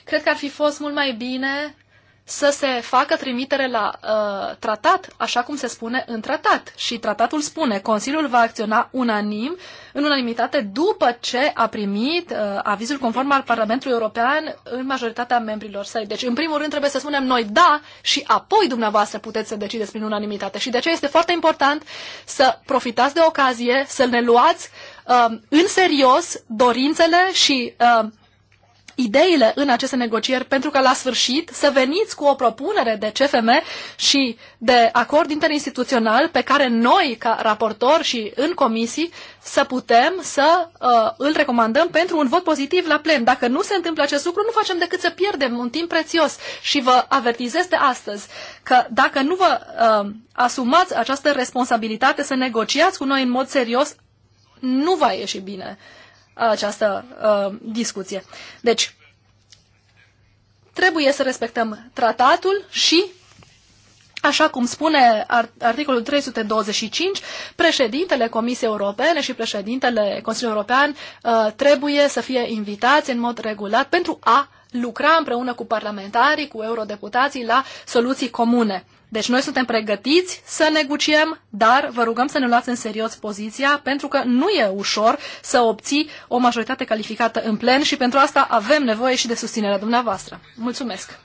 Cred că ar fi fost mult mai bine să se facă trimitere la uh, tratat, așa cum se spune în tratat. Și tratatul spune, Consiliul va acționa unanim, în unanimitate, după ce a primit uh, avizul conform al Parlamentului European în majoritatea membrilor săi. Deci, în primul rând, trebuie să spunem noi da și apoi dumneavoastră puteți să decideți prin unanimitate. Și de aceea este foarte important să profitați de ocazie, să ne luați uh, în serios dorințele și uh, ideile în aceste negocieri pentru că la sfârșit să veniți cu o propunere de CFM și de acord interinstituțional pe care noi, ca raportor și în comisii, să putem să uh, îl recomandăm pentru un vot pozitiv la plen. Dacă nu se întâmplă acest lucru, nu facem decât să pierdem un timp prețios și vă avertizez de astăzi că dacă nu vă uh, asumați această responsabilitate să negociați cu noi în mod serios, nu va ieși bine această uh, discuție. Deci, trebuie să respectăm tratatul și, așa cum spune articolul 325, președintele Comisiei Europene și președintele Consiliului European uh, trebuie să fie invitați în mod regulat pentru a lucra împreună cu parlamentarii, cu eurodeputații la soluții comune. Deci noi suntem pregătiți să negociem, dar vă rugăm să ne luați în serios poziția, pentru că nu e ușor să obții o majoritate calificată în plen și pentru asta avem nevoie și de susținerea dumneavoastră. Mulțumesc!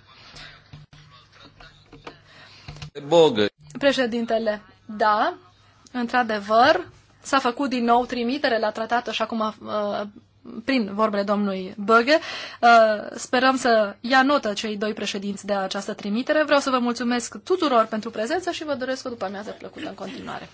Bogă. Președintele, da, într-adevăr, s-a făcut din nou trimitere la tratat, așa cum a, uh, prin vorbele domnului Băgă. Uh, sperăm să ia notă cei doi președinți de această trimitere. Vreau să vă mulțumesc tuturor pentru prezență și vă doresc o după amiază plăcută în continuare.